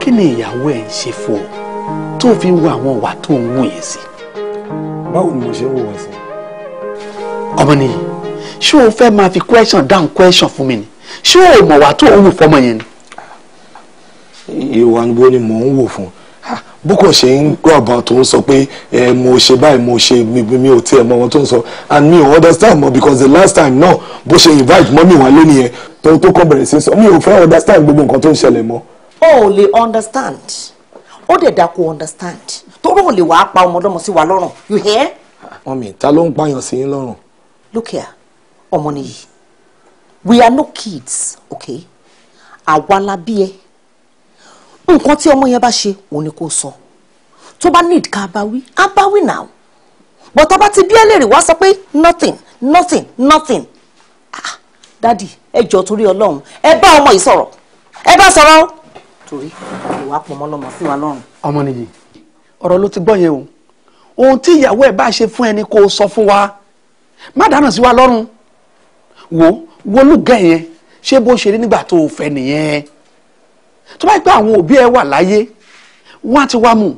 kí ni ìyàwó ẹ̀ ń ṣe fún ọ tó fi ń wo àwọn ìwà tó ń wù yẹn sí. báwo ni mo ṣe ń wò wọ́n sí. ọmọ nìyí ṣé o fẹ́ máa fi question down question fún mi ni ṣé o mọ̀ wà tó ń wù fọmọ yẹn ni ìwà níbo ni mò ń wò fún bó kàn ṣe ń gbọ́ àbá tó ń sọ pé ẹ mo ṣe báyìí mo ṣe mi ò tiẹ̀ mọ wọn tó ń sọ and me ò understand mo because the last time náà bó ṣe invite mọ́ mi wá lé nìyẹn tó tó kọ́ bẹ̀rẹ̀ sí sọ mi ò fẹ́ understand gbogbo nǹkan tó ń ṣẹlẹ̀ mọ́. o ò lè understand ó dẹ̀ dà kó understand torí ò lè wàá pa ọmọ ọlọ́mọ sí wa lọ́rùn you hear. wọn mi ta ló ń pààyàn sí yín lọ́rùn. look here ọmọ nìyí we are no kids okay àwa la bí ẹ nǹkan tí ọmọ yẹn bá ṣe òun ni kò sọ tó bá need ká bá wí á bá wí náà ti bí ẹlẹ́rì wá sọ pé nothing nothing nothing ah dadi ẹ jọ torí ọlọ́run ẹ bá ọmọ yìí sọ̀rọ̀ ẹ bá sọ̀rọ̀ torí ìwà pọ̀ mọ́ lọ́mọ fún wa lọ́rùn. ọmọ nìyí ọ̀rọ̀ ló ti gbọ́ yẹn o ohun tí ìyàwó ẹ̀ bá ṣe fún ẹni kó sọ fún wa má dáná sí wa lọ́rùn wo wo lùgẹ́ yẹn ṣé bó ṣe rí nígbà tó o fẹ́ nìyẹn tó bá gbé àwọn òbí ẹ wà láyé wọ́n á ti wá mu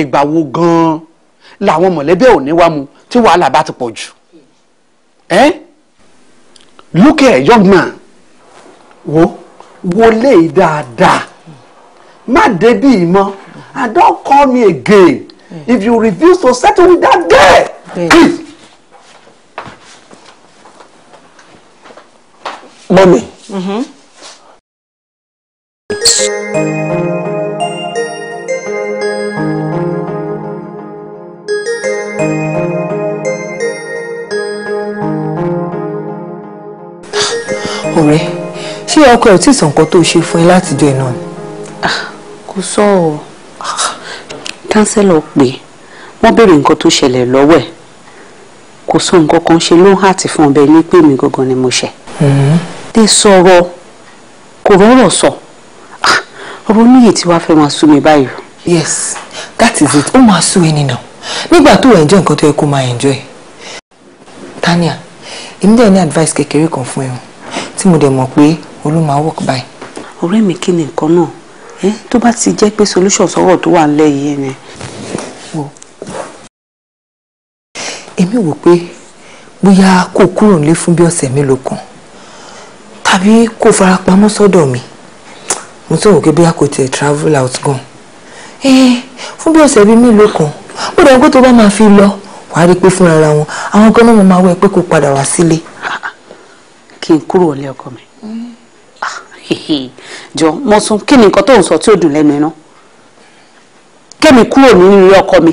ìgbà wo gan-an làwọn mọ̀lẹ́bí ẹ ò ní wá mu tí wàhálà bá ti pọ̀ jù ẹ́ look here young man wo wọlé dáadáa má débi ìmọ̀ I don't call me again mm. if you refuse to settle with that girl please. mọ́mí. Mm-hmm ọ̀rẹ́ ṣé ọkọ ẹ̀ ò tí ì sọ nǹkan tó ṣe fún ẹ látijọ́ iná ni. Ah, kò sọ ọ́ kánsẹ́lọ̀ pé wọ́n béèrè nǹkan tó ṣẹlẹ̀ lọ́wọ́ ẹ̀ kò sọ nǹkan kan ṣe ló ń hàtì fún ọbẹ̀ ní pé mi gangan ni mo ṣẹ̀. lè mm-hmm. sọ̀rọ̀ kò rọ́rọ̀ sọ ọ̀rọ̀ oníyè tí wàá fẹ́ máa sú mi báyìí. yes that is it ó máa sú ẹni náà nígbà tó enjoy nǹkan tó yẹ kó máa enjoy. Tania èmi dẹ̀ ní advice kékeré kan fún ẹ o tí mo dẹ̀ mọ̀ pé olú máa work by. ọ̀rẹ́ mi kí ni nǹkan náà ẹ tó bá ti jẹ́ pé solution sọ̀rọ̀ tó wà nílẹ̀ yìí ni. èmi wò pé bóyá kó kúrò nílé fún bí ọ̀sẹ̀ mélòó kan tàbí kó fara pamọ́ sọ́dọ̀ mi mo tún wò pé bóyá travel out gan eh, fún bí ọ̀sẹ̀ bíi mélòó kan ó dẹ̀ kó tó bá máa fi lọ wàá rí i pé fúnra ara wọn àwọn gan náà mo máa wẹ pé kò padà wá sílé. kí n kúrò ọ̀lẹ́ ọkọ mi jọ mo sún kí ni nǹkan tó ń sọ tí ó dùn lẹ́nu iná kẹ́mi kúrò nínú ilé ọkọ mi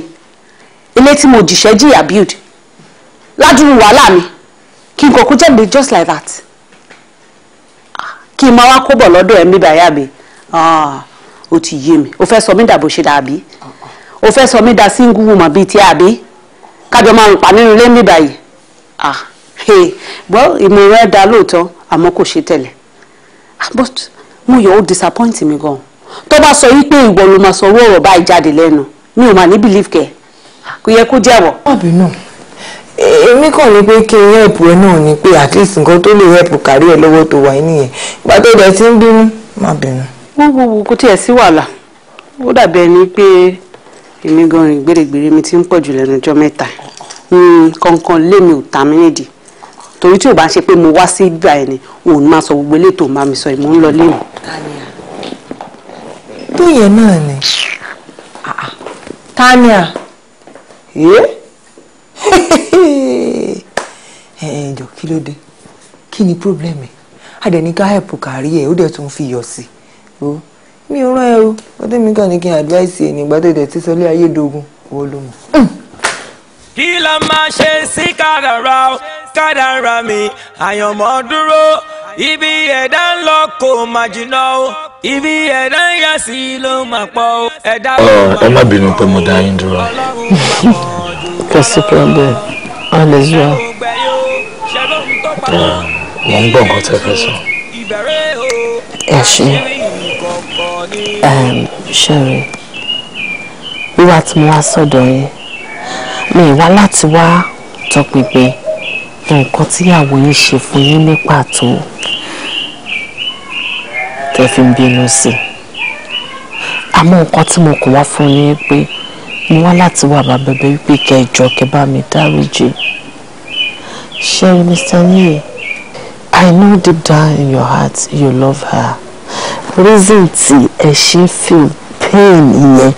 ilé tí mo jìṣẹ́ jìyà build ládùúgbò wàhálà mi kí n kò kú jáde just like that kí n máa wá kó bọ̀ lọ́dọ̀ ẹ̀ mi bàyà mi. Ah, ó ti yé mi o fẹ́ sọ mí dà bó ṣe dà bí o fẹ́ sọ mí dà single woman bíi ti àbí kájọ máa rùn pa nínú ilé mi báyìí ah bọ́ ìmọ̀ràn ẹ̀ dá lóòótọ́ àmọ́ kò ṣe tẹ̀lé ah, but mo yọ̀ ó disappoint mi gan tó bá sọ wípé ìwọ ló máa sọ owó ọ̀rọ̀ báyìí jáde lẹ́nu mi ò máa ní belief kẹ ah, kò yẹ kó jẹ́wọ́. ọ̀bì náà èmi kàn ní pé kí n help ẹ náà ni pé at least nǹkan tó lè help kárí ẹ lọ́wọ́ tó wà nìyẹn ìgbà tó dẹ̀ ti ń bínú má bínú wọ́n gbogbo kò tiẹ̀ sí wàhálà ó dàbí ẹni pé èmi gan rìn gbèrègbèrè mi ti ń pọ̀jù lẹ́nu ọjọ́ mẹ́ta kankan lémi ò ta mí nídìí torí tí ò bá ń ṣe pé mo wá sí ibà ẹ̀ ni òun máa sọ gbogbo eléyìí tó máa mi sọ ìmọ̀ ń lọ lémi. bóyá náà ni ah, Tania [laughs] ẹ ẹ jọ kí ló dé kí ni problem ẹ a dẹ̀ ní ká help kárí ẹ ó dẹ̀ tún fi yọ̀ sí i. mi ò rán ẹ o ọdẹ mi n advice ẹ nígbà tó dẹ̀ ti sọ owó ló hmm. kí la máa ṣe sí kàdàrà kàdàrà mi àyànmọ́ ibi ẹ̀dá ń lọ kò má o ibi ẹ̀dá ń yà sí ló má pọ̀ o ẹ̀dá. ẹ má bínú pé mo dá yín dúró. [laughs] kò sí problem all ń nǹkan sọ. ẹ ṣẹ́rẹ̀ wíwá tí mo wá sọ́dọ̀ yín mi wá láti wá tọpinpin nǹkan tíyàwó yín ṣe fún yín ní pàtó tẹ́ fi ń bínú sí i àmọ́ nǹkan tí mo kàn wá fún yín pé mo wá láti wá bàbá bẹ wípé kẹjọ kẹ bá mi dáríjì ṣẹ́rẹ̀ Mr. Niye I know deep down in your heart you love her reason tí ẹ ṣe ń feel pain yẹn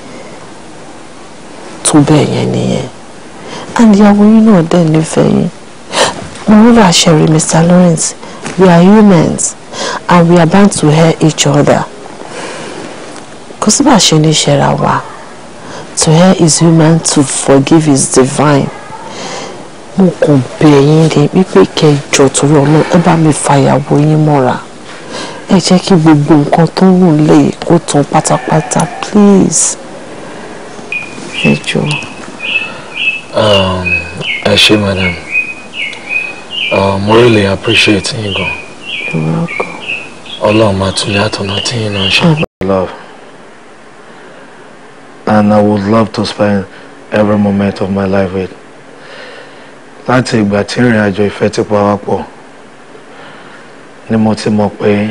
tó bẹ́ẹ̀ yẹn nìyẹn and ìyàwó yín náà dẹ̀ nífẹ̀ẹ́ yín moreover sherry Mr. Lawrence we are humans and we are bound to hurt each other kò sí bá a ṣe ní ṣẹra wa to hurt is human to forgive is divine mo kàn bẹ̀ yín ni wípé kẹjọ torí ọlọ́run ẹ bá mi fa ìyàwó yín mọ́ra ẹ jẹ́ kí gbogbo nǹkan tó wù lè kó tán pátápátá please ẹ jọ. Um, ẹ ṣe madam um, mo really appreciate yín gan. ọlọ́run máa tún yàtọ̀ náà tí yín náà ṣe. love and I would love to spend every moment of my life with. láti ìgbà tí ìrìn àjò ìfẹ́ ti pa wá pọ̀ ni mo ti mọ̀ pé.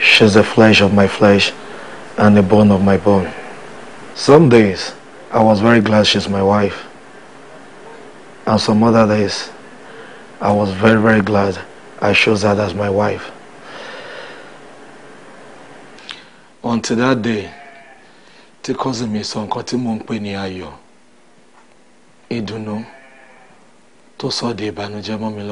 She's the flesh of my flesh and the bone of my bone. Some days I was very glad she's my wife. And some other days I was very, very glad I chose her as my wife. Until that day, tí cousin mi sọ nǹkan tí mò ń pè ní ayọ̀ ìdùnnú tó sọ di ìbànújẹ́ mọ́ mi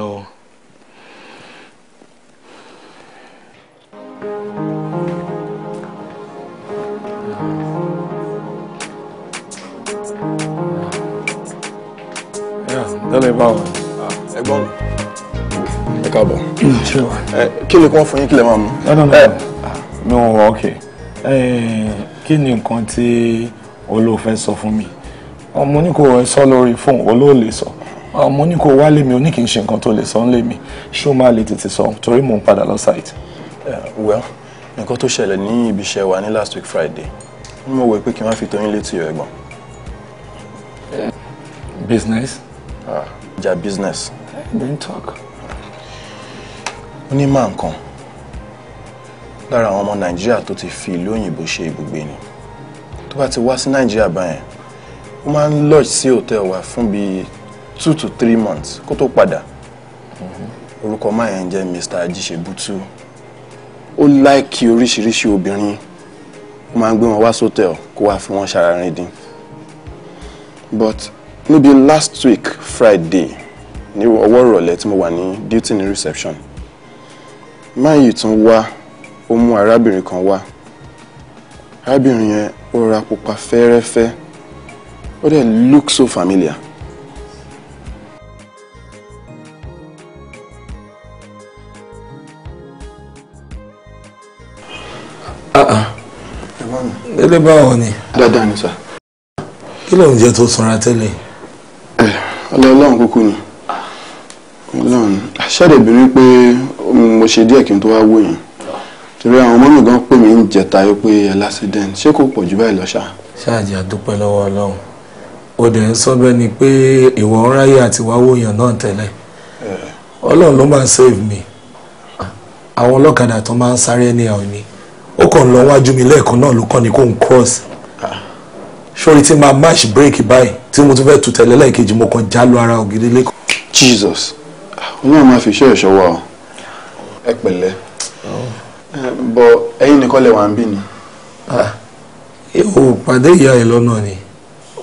lọ́lọ́ ìbá wọn. ẹ̀gbọ́n mi ẹ káàbọ̀. Mm, kí ni kí wọ́n fún yín kí lè máa mu. no ah, ok kí ni nǹkan tí olóòfẹ́ sọ fún mi ọmọ ah, ní kò sọ lórí fóun olóòlè sọ ọmọ ah, ní kò wálé mi oní kì í ṣe nǹkan tó lè sọ ń lé mi ṣó máa lè tètè sọ torí mò ń padà lọ site. well nǹkan tó ṣẹlẹ̀ ní ibi iṣẹ́ wa ní last week friday mo wò pé kí n má fi tóyún létí ẹ̀gbọ́n. business. Ah. It's your business. Don't talk. Ó ní máa nǹkan lára àwọn ọmọ Nàìjíríà tó ti fi ìlú òyìnbó ṣe ibùgbé ni. Tó bá ti wá sí Nàìjíríà báyẹn, ó máa ń lodge sí hòtẹ́ẹ̀lì wa fún bíi two to three months kó tó padà. Mm-hmm. Orúkọ máa yẹn jẹ́ Mr. Ajíṣebútú. Ó láìkí oríṣiríṣi obìnrin ó máa ń gbé wọn wá sótẹ́ọ̀ kó wá fi wọ́n ṣara rìn dín but níbi last week friday ní ọwọ́ ìrọ̀lẹ́ tí mo wà ní duty ní reception máa yìí tún wá ó mú arábìnrin kan wá arábìnrin yẹn ó ra pupa fẹ́ẹ́rẹ́fẹ́ ó dẹ̀ look so familiar. ẹlẹ́bàá wọn ni. dáadáa ni sà. kí ló ń jẹ́ tó sanra tẹ́lẹ̀ ọlọ́ ọlọ́run kúkú ni ọlọ́run ṣẹ́ẹ̀dẹ̀ bí wípé um, mo ṣe díẹ̀ kí n tó wá wò yín torí àwọn mọ́mí gan pè mí ń jẹta yó pé ẹ lásìdẹ́ǹt ṣé kò pọ̀ jù báyìí lọ ṣá. ṣáàjì àdúpẹ́ lọ́wọ́ ọlọ́run ó dẹ̀ ń sọ bẹ́ẹ̀ ni pé ìwọ ń àti wá wòyàn náà tẹ́lẹ̀ eh. ọlọ́run ló máa ń save me àwọn ọlọ́kadà tó máa ń sáré ní àwọn mi ó kàn lọ wájú mi lẹ́ẹ̀kan náà ló kàn ní kó ń cross sórí tí máa match break báyìí tí mo tún fẹ́ tu tẹ̀lé lẹ́ẹ̀kejì mo kàn já lu ara ògiri lẹ́kọ̀ọ́. Jesus olóòwò máa fi iṣẹ́ ìṣọwọ́ ọ ẹ pẹ̀lẹ́ oh. bọ ẹ̀yin nìkan lè wà ń bí ni. o ah, pàdé ìyá ẹ lọ́nà ni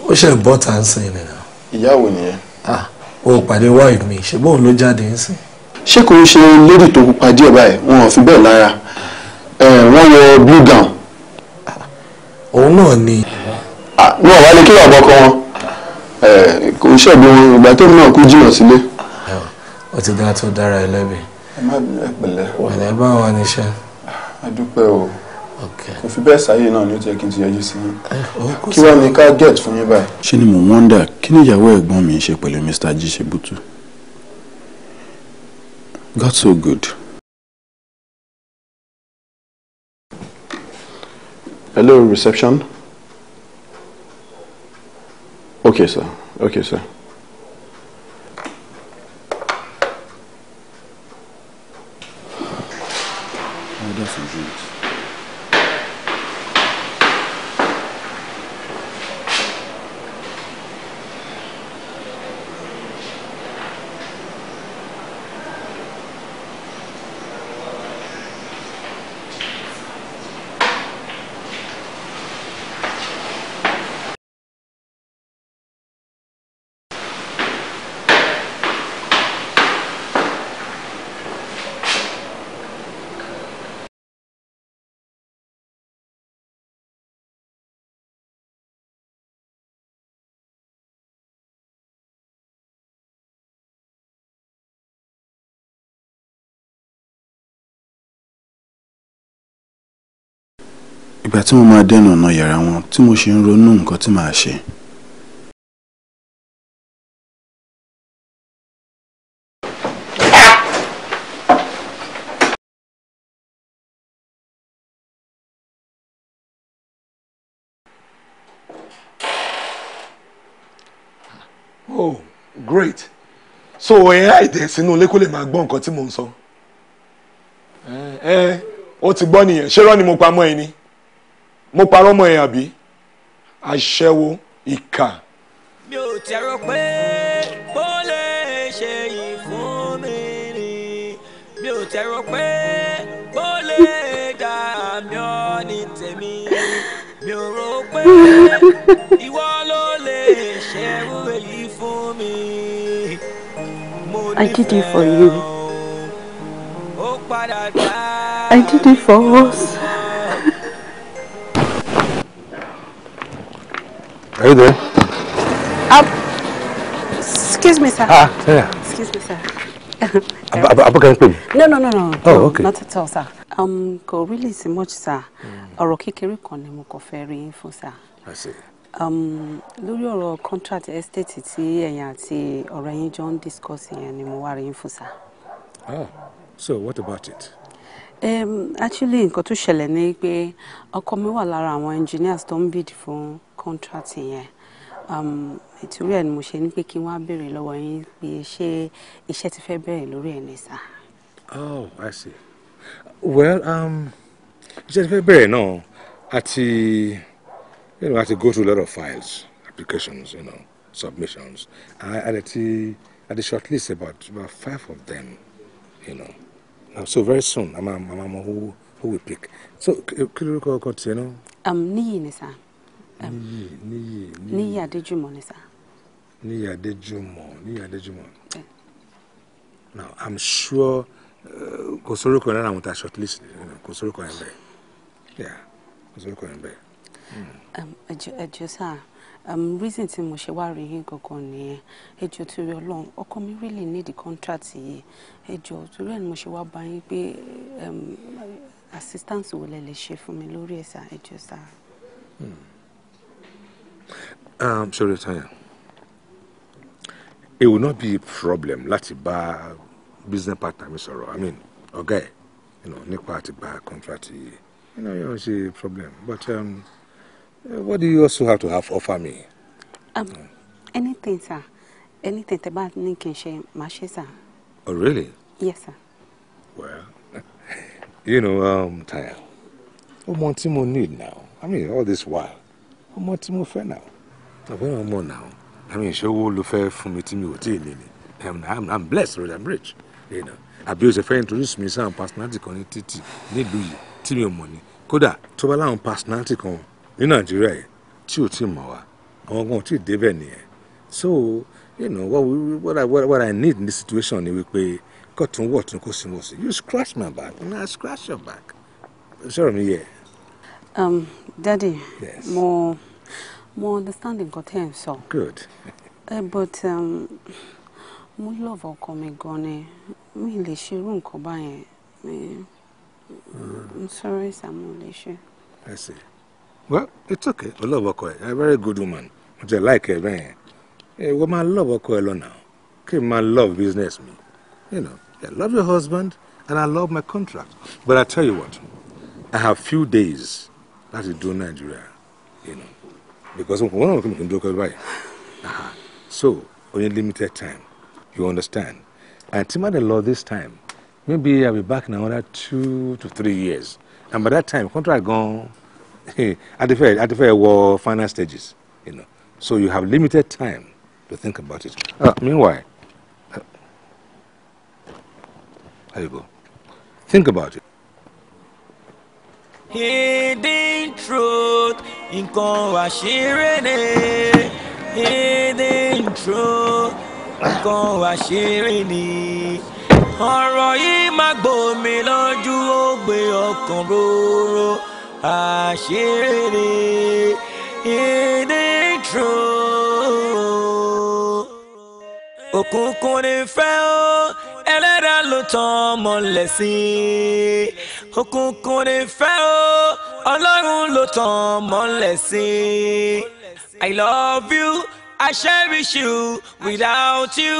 ó ṣe bọ́ tá à ń sìn nìyẹn. ìyàwó nìyẹn. Ah, o pàdé wáìd mi ṣe bóun ló jáde ń sìn. ṣé kò ń ṣe lady tó pupa díẹ̀ báyìí wọn ò fi bẹ́ẹ̀ lára wọ́n wọ blue gown. Ah, òun náà ni ní ọ̀wá lè kí ọ̀bọ kan wọn kò ń ṣẹ̀bi wọn ìgbà tó náà kú jìnnà sílé. ó ti dá tó dára ẹ lẹ́bi. ẹ má bí ẹ pẹ̀lẹ́. ọ̀nà ẹ bá wọn níṣẹ́. a dúpẹ́ o kò fi bẹ́ẹ̀ sáyé náà ni ó ti yẹ kí n ti yọjú sí yín eh, kí wọ́n ní ká get fún yín báyìí. ṣé ni mo wọ́ndà kí ni ìyàwó ẹ̀gbọ́n mi ṣe pẹ̀lú Mr. Jíṣebútú got so good. hello reception. Okay, sir. Okay, sir. ìgbà tí mo máa dẹnu ọ̀nà yàrá wọn tí mo ṣe ń ronú nǹkan tí màá ṣe. oh great so ai dẹ̀ sínú ilé kó lè máa gbọ́ nǹkan tí mò ń sọ. ẹ eh, ẹ eh, ó ti gbọ́ nìyẹn ṣé rọ́ ni mo pamọ́ ẹ ni mo parọ́ mọ́ èèyàn bí aṣẹ́wó ìkà. mi ò tẹ̀rọ pé kó lè ṣe yìí fún mi ni mi ò tẹ̀rọ pé kó lè dá mi ọ́ tèmi mi ò rò pé ìwọ ló lè ṣe irú èyí fún mi. I did it for you. I did it for us. Are you there? Um, excuse me, sir. Ah, yeah. Excuse me, sir. Abu can explain? No, no, no, no. Oh, no, okay. Not at all, sir. Um, kò really sí much, sir. Hmm. Ọ̀rọ̀ kékeré kan ni mo kàn fẹ́ rí sir. I see. Um, lórí ọ̀rọ̀ contract estate tí ẹ̀yin àti ọ̀rẹ́ yín jọ ń discuss yẹn ni mo sir. Oh, so what about it? Um, actually nǹkan tó ṣẹlẹ̀ ni pé ọkọ mi wà lára àwọn engineers tó ń bid fún contract yẹn ìtúrí ẹ̀ ni mo ṣe ní pé kí wọ́n á béèrè lọ́wọ́ yín pé ṣé iṣẹ́ ti fẹ́ bẹ̀rẹ̀ lórí ẹ̀ ní sà. oh i see well um, iṣẹ́ ti fẹ́ bẹ̀rẹ̀ náà àti you know I àti go through a lot of files applications you know submissions i i dey ti i dey shortlist about about five of them you know. No, uh, so very soon, I'm, I'm, I'm who, who we pick. So, could you call it, you know? Um, Niyi ni sir. Um, Niyi, Niyi. Niyi Adejumo ni sir. Niyi Adejumo, Niyi Adejumo. Yeah. Now, I'm sure uh, Kosoriko and I want to shortlist, you know, Kosoriko and Yeah, Kosoriko and hmm. Um, Ejo, Ejo, sir um, reason tí mo ṣe wá rí yín gangan nìyẹn ẹjọ́ torí Ọlọ́run ọkọ mi really need the contract yìí ẹjọ́ torí ẹ̀ ni mo ṣe wá bá yín pé um, assistance wo lẹ lè ṣe fún mi lórí ẹ̀sà ẹjọ́ sá. Hmm. Um, sorry Tanya it will not be a problem láti bá business partner mi sọ̀rọ̀ i mean ọ̀gá ẹ̀ nípa àti gba contract yìí you know, yóò ṣe problem but. Um, Eh, what do you also have to have offer me? Um, anything, sir. Anything about Nikin Shay Mashi, sir. Oh, really? Yes, sir. Well, [laughs] you know, um, Taya, ọmọ tí mo need now. I mean, all this while, ọmọ tí mo fẹ́ now. Ọmọ more now. I mean, ṣé owó ló fair fún mi tí mi ò tí I'm, I'm blessed, really, I'm rich. You know, àbí o ṣe fẹ́ introduce mi sáwọn personality kan ní títì nílùú yìí tí mi ò mọ̀ ní. Kódà tó bá personality kan ní nàìjíríà yìí tí ò tí mọ̀ wá àwọn kan ò tí ì débẹ̀ nìyẹn so you know what, we, what, I, what, what I need in this situation ni wípé kò tún wọ̀ tún kò sí wọ̀ sí you scratch my back and I scratch your back sọ̀rọ̀ mi yẹ. Um, Daddy, yes. mo mo understand nǹkan tẹ́ ẹ̀ sọ. Good. uh, but um, mo love ọkọ mi gan ni mi lè ṣe irú nǹkan báyẹn. Eh, hmm. I'm sorry, Samuel. I see. Well, it's okay. I love her. A very good woman. Which I like her, man. A woman love her alone now. Okay, my love business me. You know, I love your husband and I love my contract. But I tell you what, I have few days that is do Nigeria, you know. Because one of them can do it right. So, only limited time. You understand? And Tima the law this time, maybe I'll be back in another two to three years. And by that time, contract gone. At at the the adifẹ wọ final stages you know so you have limited time to think about it uh, meanwhile uh, there you go think about it. hidden truth nǹkan àṣírí hidden truth nǹkan àṣírí ọ̀rọ̀ yìí má gbòmí lójú ó gbé ọkàn róró àṣírí ìdí tru. òkùnkùn ní fẹ́ ó ẹlẹ́dàá ló tàn mọ́lẹ̀ sí i. òkùnkùn ní fẹ́ ó ọlọ́run ló tàn mọ́lẹ̀ sí i. I love you. I cherish you. Without you,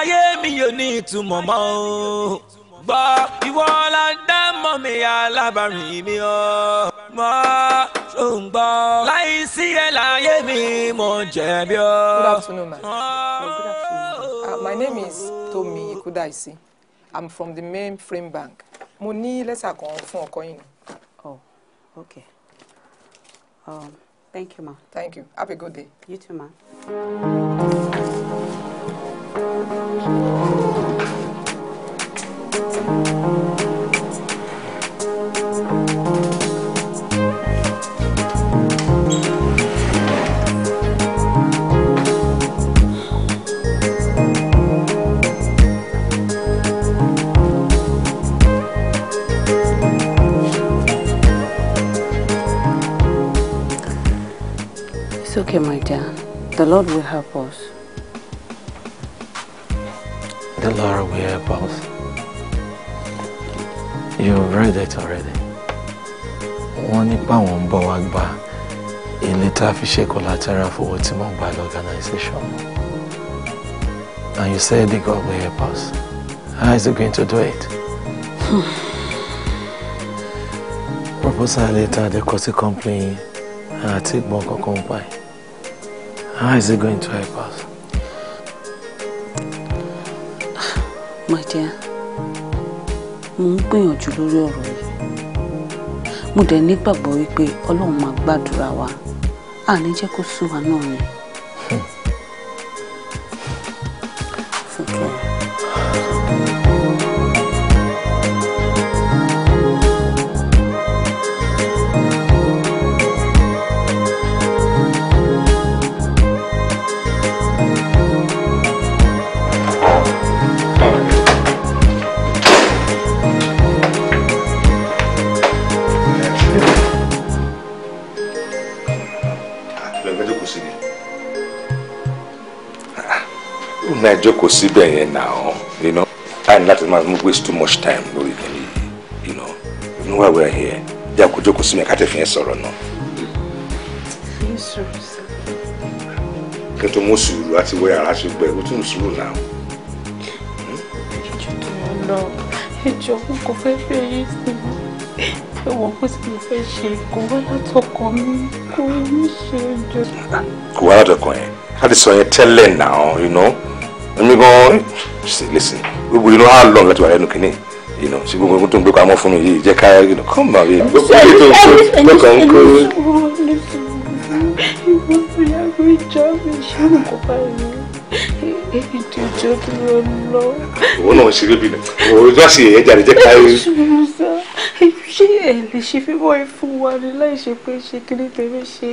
I am ò ní ìtumọ̀ mọ́ o gbọ́ ìwọ la dá mi alábàárìn mi ọ́ mọ́ ṣó ń gbọ́ láì sí ẹ̀ láyé mi mo jẹ̀bi ọ́. Good afternoon, ma'am. good afternoon. Uh, my name is Tomi Ikudaisi. I'm from the Mainframe Bank. Mo ní lẹ́tà kan fún ọkọ yín. Oh, okay. Um, thank you, ma. Thank you. Have a good day. You too, ma. okay, my dear. The Lord will help us. The Lord will help us. You've read it already. Wọ́n ní páwọn ń bọ̀ wá gba ilé tá a fi ṣe collateral fowó tí mò ń gba lọ organization. And you said the God will help us. How is he going to do it? Hmm. Proposal later, the cotton company àti gbọ̀n kankan pa ẹ̀. How is it going to help us? My dear, mo ń gbìyànjú lórí ọ̀rọ̀ yìí. Mo dẹ̀ nígbàgbọ́ wípé Ọlọ́run máa gbàdúrà wa. Àní jẹ́ kó sú wa náà ni. jókòó síbẹ̀ yẹn nà ọ́ you know time láti máa mú waste too much time lórí kìnìún you know you know why we are here jẹ́ àkó jókòó síbẹ̀ ká tẹ̀ fi yẹn sọ̀rọ̀ náà. kí n tó mú sùúrù àti wẹ́ ara ṣe gbẹ ó tún sùúrù náà. ìjọ tó ń lọ ìjọ kò kò fẹ́ fẹ́ yé sí i pé wọ́n kò sì fẹ́ ṣe kò wá látọkọ mi kò ní ṣe ìjọ. kò wá látọkọ yẹn láti sọ yẹn tẹ́lẹ̀ náà you know gan eh, ṣe listen gbogbo inú how long láti wà lẹ́nu kìíní you know ṣe gbogbo ohun tó ń gbé pamọ́ fún mi yìí you know come on yìí gbogbo èyí tó ń gbé kan kó. òun náà ṣe bíbí ni òun yóò ṣe ẹ̀yẹ́ jáde jẹ́ ká rí. ṣé ẹ lè ṣe fífọ́ ìfún wa ni láì ṣe pé ṣe kí ni tèmi ṣe.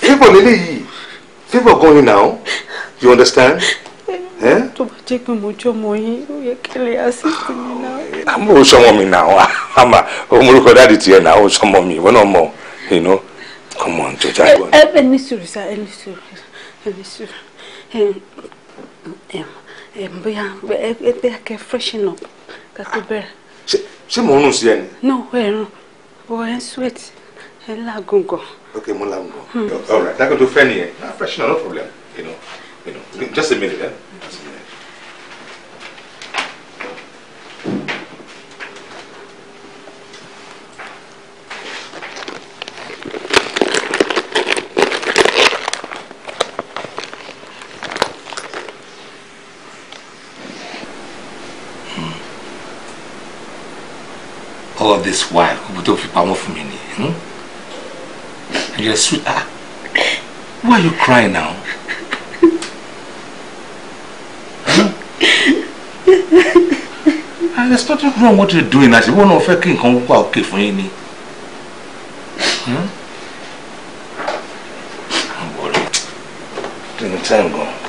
fífọ̀ nílé yìí fífọ̀ gan ni now you understand tó bá jẹ́ pé mo jọ mọ yín ó yẹ kí lè assist mi náà. Ah, àmọ́ o sọmọ mi náà [laughs] àmà omorúkọ dáàdì tiẹ̀ náà o sọmọ mi ìwọ náà mọ iná come tó já gbọ́. ẹ ní sùúrù sá ẹ ní sùúrù ẹ ní sùúrù ẹ bóyá ẹ bóyá kẹ freshen up ká tó bẹ̀rẹ̀. ṣé mò ń rùn sí ẹ ni. no ẹ rùn o ẹ ń sweat ẹ láàgùn gan. ok mo láàgùn gan. Hmm. all right dákẹ́ tó fẹ́ nìyẹn na freshen up no problem you know, you know. just a minute. Eh? all this while kò tó fi pamọ́ fún mi ni hmm? and you are sweet ah why are you crying now. Hmm? and ah, there's nothing wrong what you're doing as ìwọ náà fẹ́ kí nǹkan wá òkè fún yín ni. I'm worried. Didn't time gone.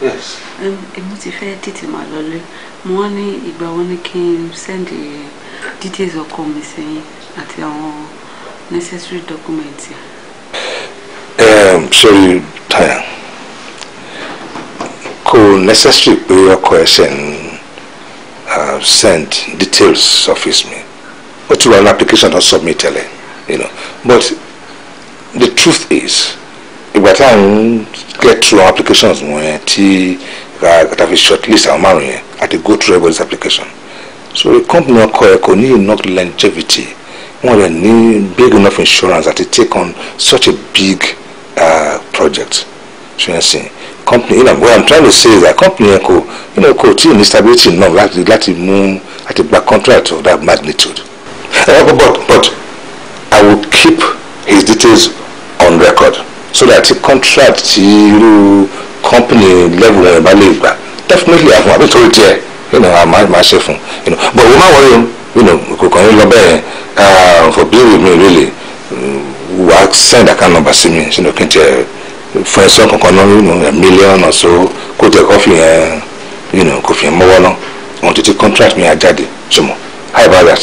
Yes. Um, fẹ́ tètè máa my lolly. wá ní ìgbà wo ni kí n send details of mi At your necessary documents. Um, sorry taya Co necessary pé ọkọ ẹ ṣe ń uh, send details of his me. But wà an application náà submit tẹ́lẹ̀ you know but the truth is ìgbà tá get through our applications wọn yẹn tí ta fi shortlist àwọn márùn yẹn àti go through everybody's application so the company ọkọ ẹ kò ní enough longevity wọn rẹ ní big enough insurance àti take on such a big uh, project ṣe yẹn sìn company you know what i'm trying to say is that company yẹn kò you know kò tí ì ní stability enough láti láti mú àti gba contract of that magnitude but but i will keep his details on record so that the contract ti irú company level wọn ìbá lè gbà definitely àfún àbí torí tiẹ̀ you know àmà máa ṣe fún you know but wọ́n máa wọlé you know kò kàn ń lọ bẹ́ẹ̀ ah, for being with me really mm, wà á send account number sí mi sínú kí n tiẹ̀ fún ẹ̀sọ́ kankan náà you know a million or so kó tẹ̀ kọ́ fi yẹn you know kò fi yẹn mọ́wọ́ náà ohun títí contract mi á jáde ṣùgbọ́n how about that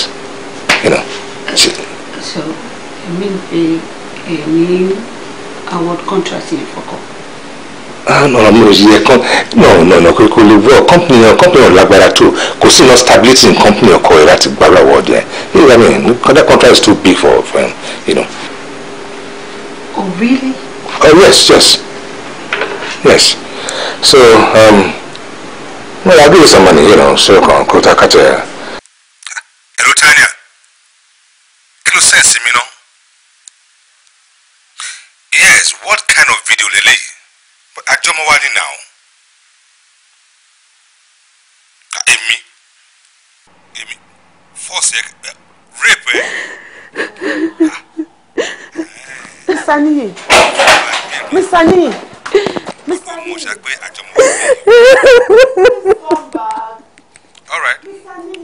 you know. so I mean, pe èmi award ah, no, no, no. ọ̀nà mi ò yẹ kán náà náà náà kò lè wọ company náà company náà lágbára tó kò sí náà stability in company ọkọ rẹ láti gbàgbà award yẹn you know what I mean that contract is too big for for him you know. oh really. oh yes yes yes so um, well I give you some money you know so kan kó ta kàtẹ́ yẹn. yes what kind of video lele? but àjọmọ́ wa ni nà ó force ẹ e, eh, rape ẹ. E. [laughs] Mr. Niyi Mr. Niyi. Mr. Niyi. [laughs] all right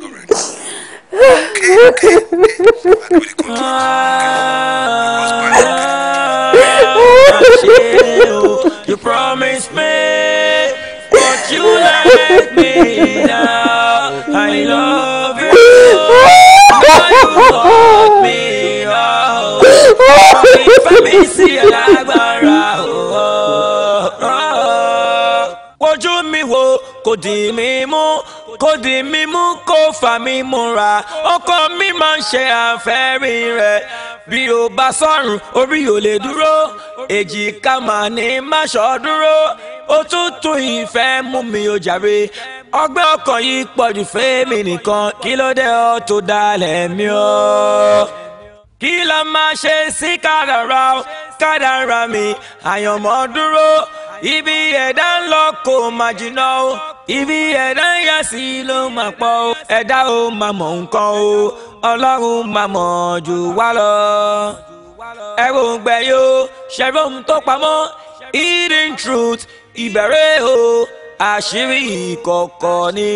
all right. You promised me, but you let me down. I love you, but you me off. If I miss you, I'll o kò dì mí mú kò dì mí kò fà mí múra ọkọ mi máa ń ṣe àfẹ́rí rẹ̀ bí o bá sọ̀rùn orí ò lè dúró èjìká màá ní má ṣọ́ dúró òtútù ìfẹ́ mú mi ò jàre ọgbẹ́ ọkàn yìí pọ̀jù fẹ́mi nìkan kí ló dé ọ tó dalẹ̀ mi o kí la máa ṣe sí kádàrá kádàrá mi àyànmọ́ dúró ibi ẹ̀dá ń lọ kò má jìnnà o ibi ẹ̀dá ń yà sí ló mà pọ̀ o ẹ̀dá ò má mọ̀ nǹkan o ọlọ́run má mọ̀ jù wá lọ. ẹ̀rù ń gbẹ yóò ṣẹ̀rọ ohun tó pamọ́ hidden truth ìbẹ̀rẹ̀ o àṣírí ìkọ̀kọ̀ ni.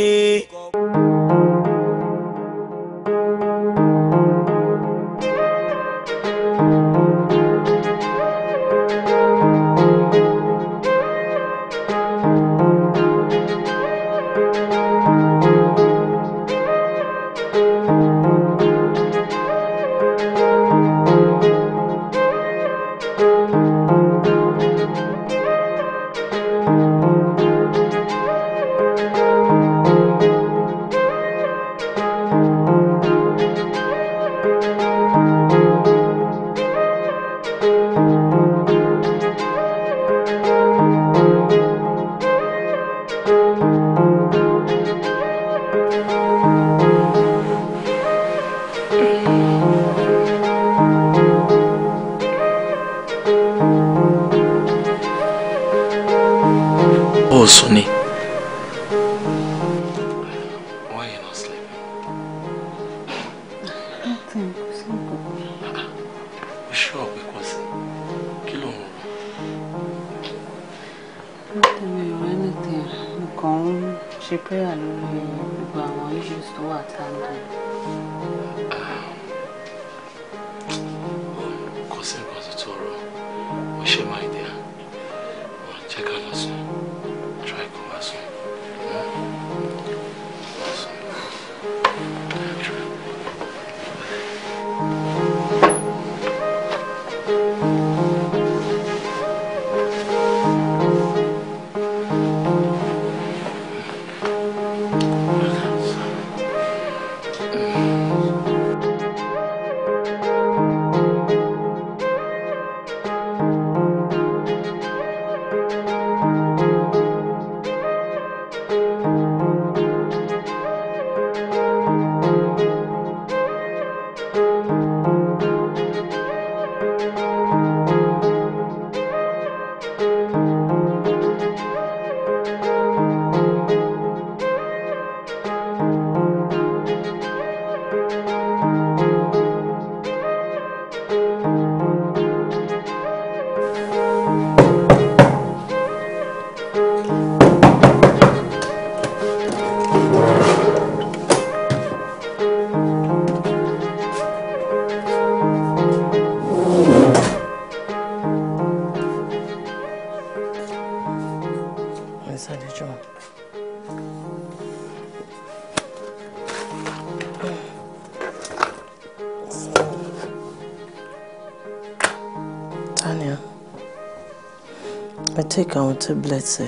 tablets,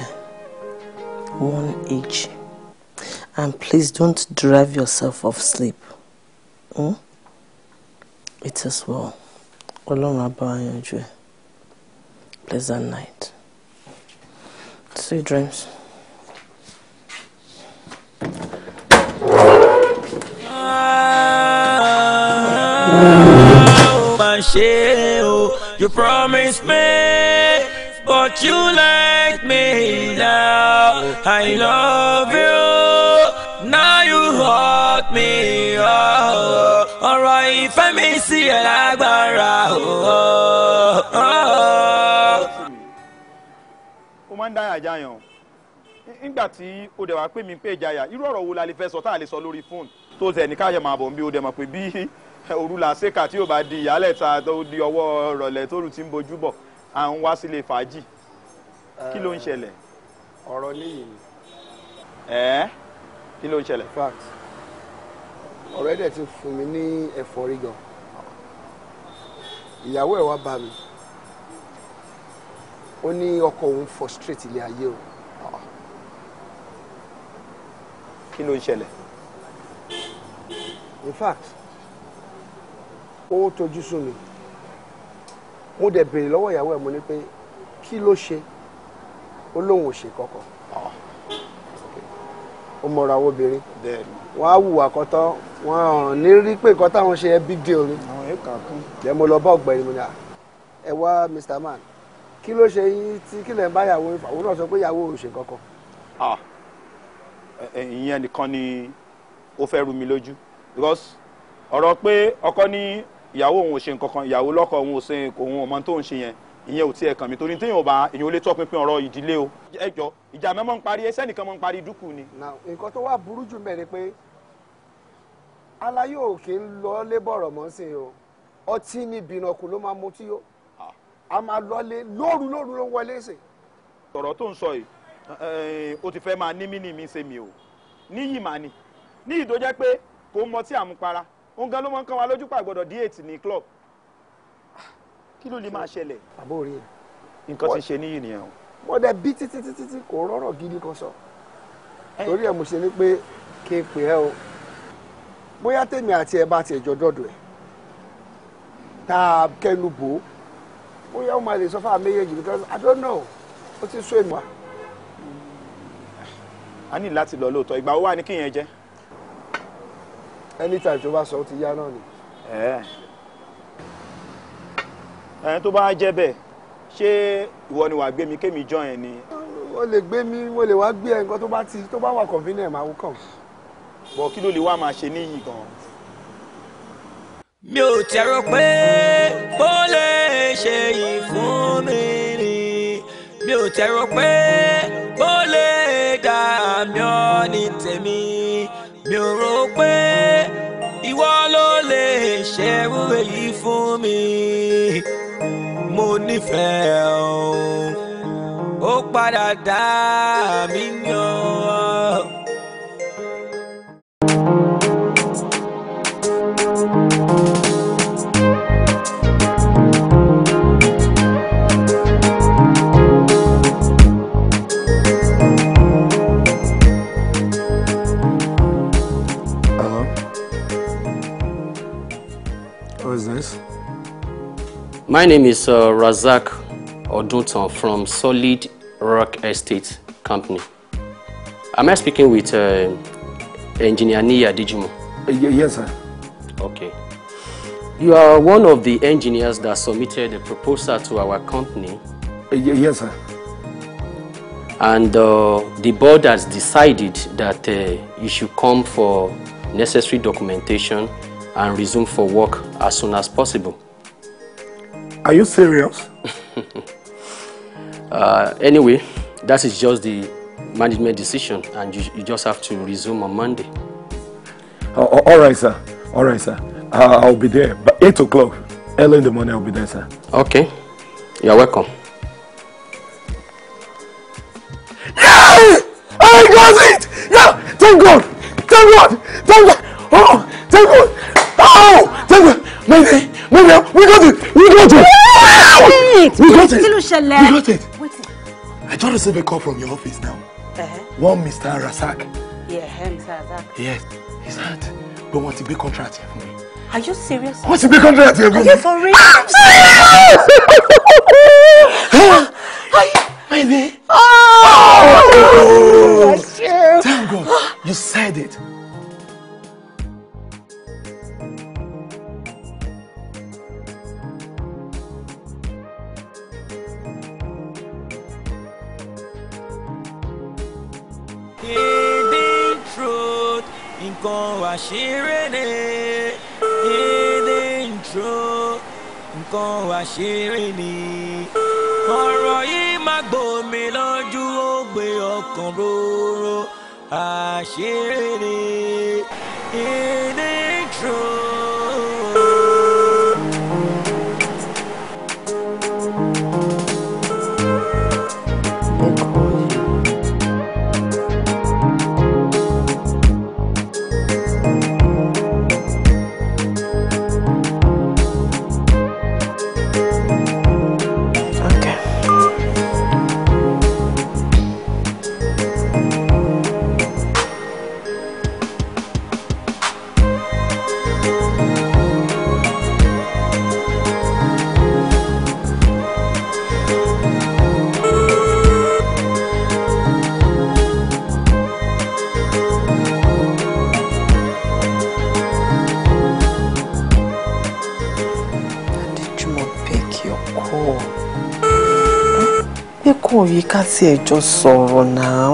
one each. And please don't drive yourself off sleep. Hmm? It is well. Ọlọ́run á bá Pleasant night. Sweet dreams. Ah, oh, oh, you promised me but you like me now. I love you, now you hurt me. Oh, ọ̀rọ̀ ìfẹ́ mi sí ẹ lágbára. Oh. ó máa ń dá àjà yàn nígbà tí o dẹ̀ wá pé mi pé ìjayà irú ọ̀rọ̀ wo la lè fẹ́ sọ tá a lè sọ lórí fóònù tó zẹ̀ ní káyọ̀ máa bọ̀ ń bí o dẹ̀ mọ̀ pé bí [laughs] òru làṣẹ́kà tí yóò bá di ìyálẹ̀ ta tó di ọwọ́ rọ̀lẹ́ tóru ti ń bojú bọ̀ à ń wá sílé fàájì kí ló ń eh, ṣẹlẹ̀. ọ̀rọ̀ léyìí ni. ẹ̀ẹ́ eh? kí ló ń ṣẹlẹ̀. fact ọ̀rọ̀ ẹ̀dẹ̀ ti fún mi ní ẹ̀fọ́rí gan ìyàwó ẹ̀ wá bá mi ó ní ọkọ òun frustrate ilé ayé o. kí ló ń ṣẹlẹ̀. in fact ó tojú sú mi mo dẹ̀ béèrè lọ́wọ́ ìyàwó ẹ̀ mo ní pé kí ló ṣe ó lóun ò ṣe kankan ah. ó mọ̀ra owó obìnrin wọ́n á wùwà kọ́tọ́ wọ́n ọ̀ràn ní rí pé nǹkan táwọn ṣe ẹ big deal ni jẹ́ mo lọ bá ọ̀gbẹ́ni mo ní à ẹ wá Mr. Man kí ló ṣe yín tí kílẹ̀ ń bá ìyàwó ìfà òun náà sọ pé ìyàwó ò ṣe kankan. Ah. ìyẹn nìkan ni ó fẹ́ rú mi lójú because ọ̀rọ̀ pé ọkọ ní ìyàwó òun ò ṣe nǹkan kan ìyàwó lọ́kọ òun ò ṣe òun ọmọ tó ń ṣe yẹn ìyẹn ò tiẹ̀ kàn mí torí téèyàn bá èèyàn lè tọpinpin ọ̀rọ̀ ìdílé o ẹ jọ ìjà mẹ́mọ́ ń parí ẹsẹ́ nìkan mọ́ ń parí dúkù ni. nǹkan tó wà burú jù mẹ́rin pé alayé òkè ń lọ lébọ̀rọ̀ mọ́ sí i o ọtí ni bìnàkù ló máa mutí o a máa lọlé lóru lóru ló wọlé sí. ọ̀rọ̀ tó ń sọ yìí eh, ó ti fẹ́ máa ní mí ní mi ṣe mi o níyì màá ni níyì tó jẹ́ pé kò ń mọtí òun gan ló mọ̀ ń kan wa lójú pa gbọ́dọ̀ d8 ní club kí ló lè máa ṣẹlẹ̀. àbó ẹ. nǹkan ti ṣe níyì nìyẹn o. wọ́n dẹ bí títí títí tí kò rọ́rọ̀ gidi kan sọ torí ẹ̀ mo ṣe ni pé kí n pè ẹ́ o bóyá tèmi àti ẹ bá tiẹ̀ jọ dọ̀dọ̀ ẹ̀ tá a kẹnu bò ó bóyá ó máa lè sọ fún àwọn méjèèjì because I don't know ó ti sún èmi wá. a ní láti lọ lóòótọ́ ìgbà wo wà ní kíyẹn jẹ́ anytime tó bá sọ ó ti yá náà ni. ẹ tó bá jẹ́ bẹ́ẹ̀ ṣé ìwọ ni wàá gbé mi kémi jọ ẹ ni. wọ́n lè gbé mi wọ́n lè wá gbé ẹ nǹkan tó bá ti tó bá wà convenient máa wú kàn. bọ̀ kí ló lè wá máa ṣe níyì gan. mi ò tẹ̀rọ pé bó lè ṣe yìí fún mi ni mi ò tẹ̀rọ pé bó lè dà mí ọ́ ní tèmi mi ò rò pé ìwọ ló lè ṣerú èyí fún mi mo nífẹ̀ẹ́ o ó padà dá mi yàn. My name is uh, Razak Odunton from Solid Rock Estate Company. Am I speaking with uh, Engineer Nia Dijimo? Uh, yes, sir. Okay. You are one of the engineers that submitted a proposal to our company. Uh, yes, sir. And uh, the board has decided that uh, you should come for necessary documentation and resume for work as soon as possible. Are you serious? [laughs] uh, anyway, that is just the management decision, and you, you just have to resume on Monday. Uh, all right, sir. All right, sir. Uh, I'll be there But 8 o'clock. Early in the morning, I'll be there, sir. Okay. You're welcome. Yes! I got it! Yeah! Thank God! Thank God! Thank God! Oh! Thank God! Oh! Thank God! Maybe! Maybe! We got it! We got it! out. Wait, we got it. We got it. Wait. I just received a call from your office now. Uh-huh. One Mr. Razak. Yeah, Mr. Razak. Yes, he's hurt. But wọ́n ti big contract here." fún mi. Are you serious? Wọ́n ti big contract here. fún mi. Are you for real? Ah, I'm serious! Baby. Oh! oh. Thank God. You said it. nǹkan àṣírí ni hidden truth nǹkan àṣírí ni ọ̀rọ̀ yìí má gbòmí lójú ó gbé ọkàn róró àṣírí ni hidden kò rí ká tiẹ̀ jọ sọ̀rọ̀ náà.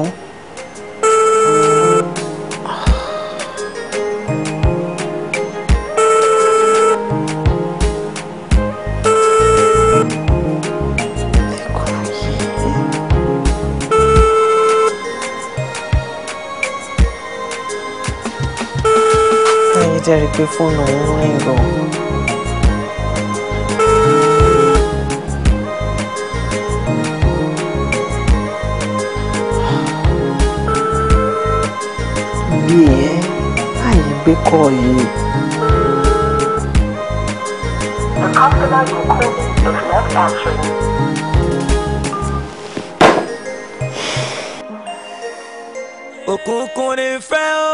pé fóònù ń rìn gan-an. ni ẹ́ àyè gbé kọ́ yìí. òkùnkùn ní fẹ́ ó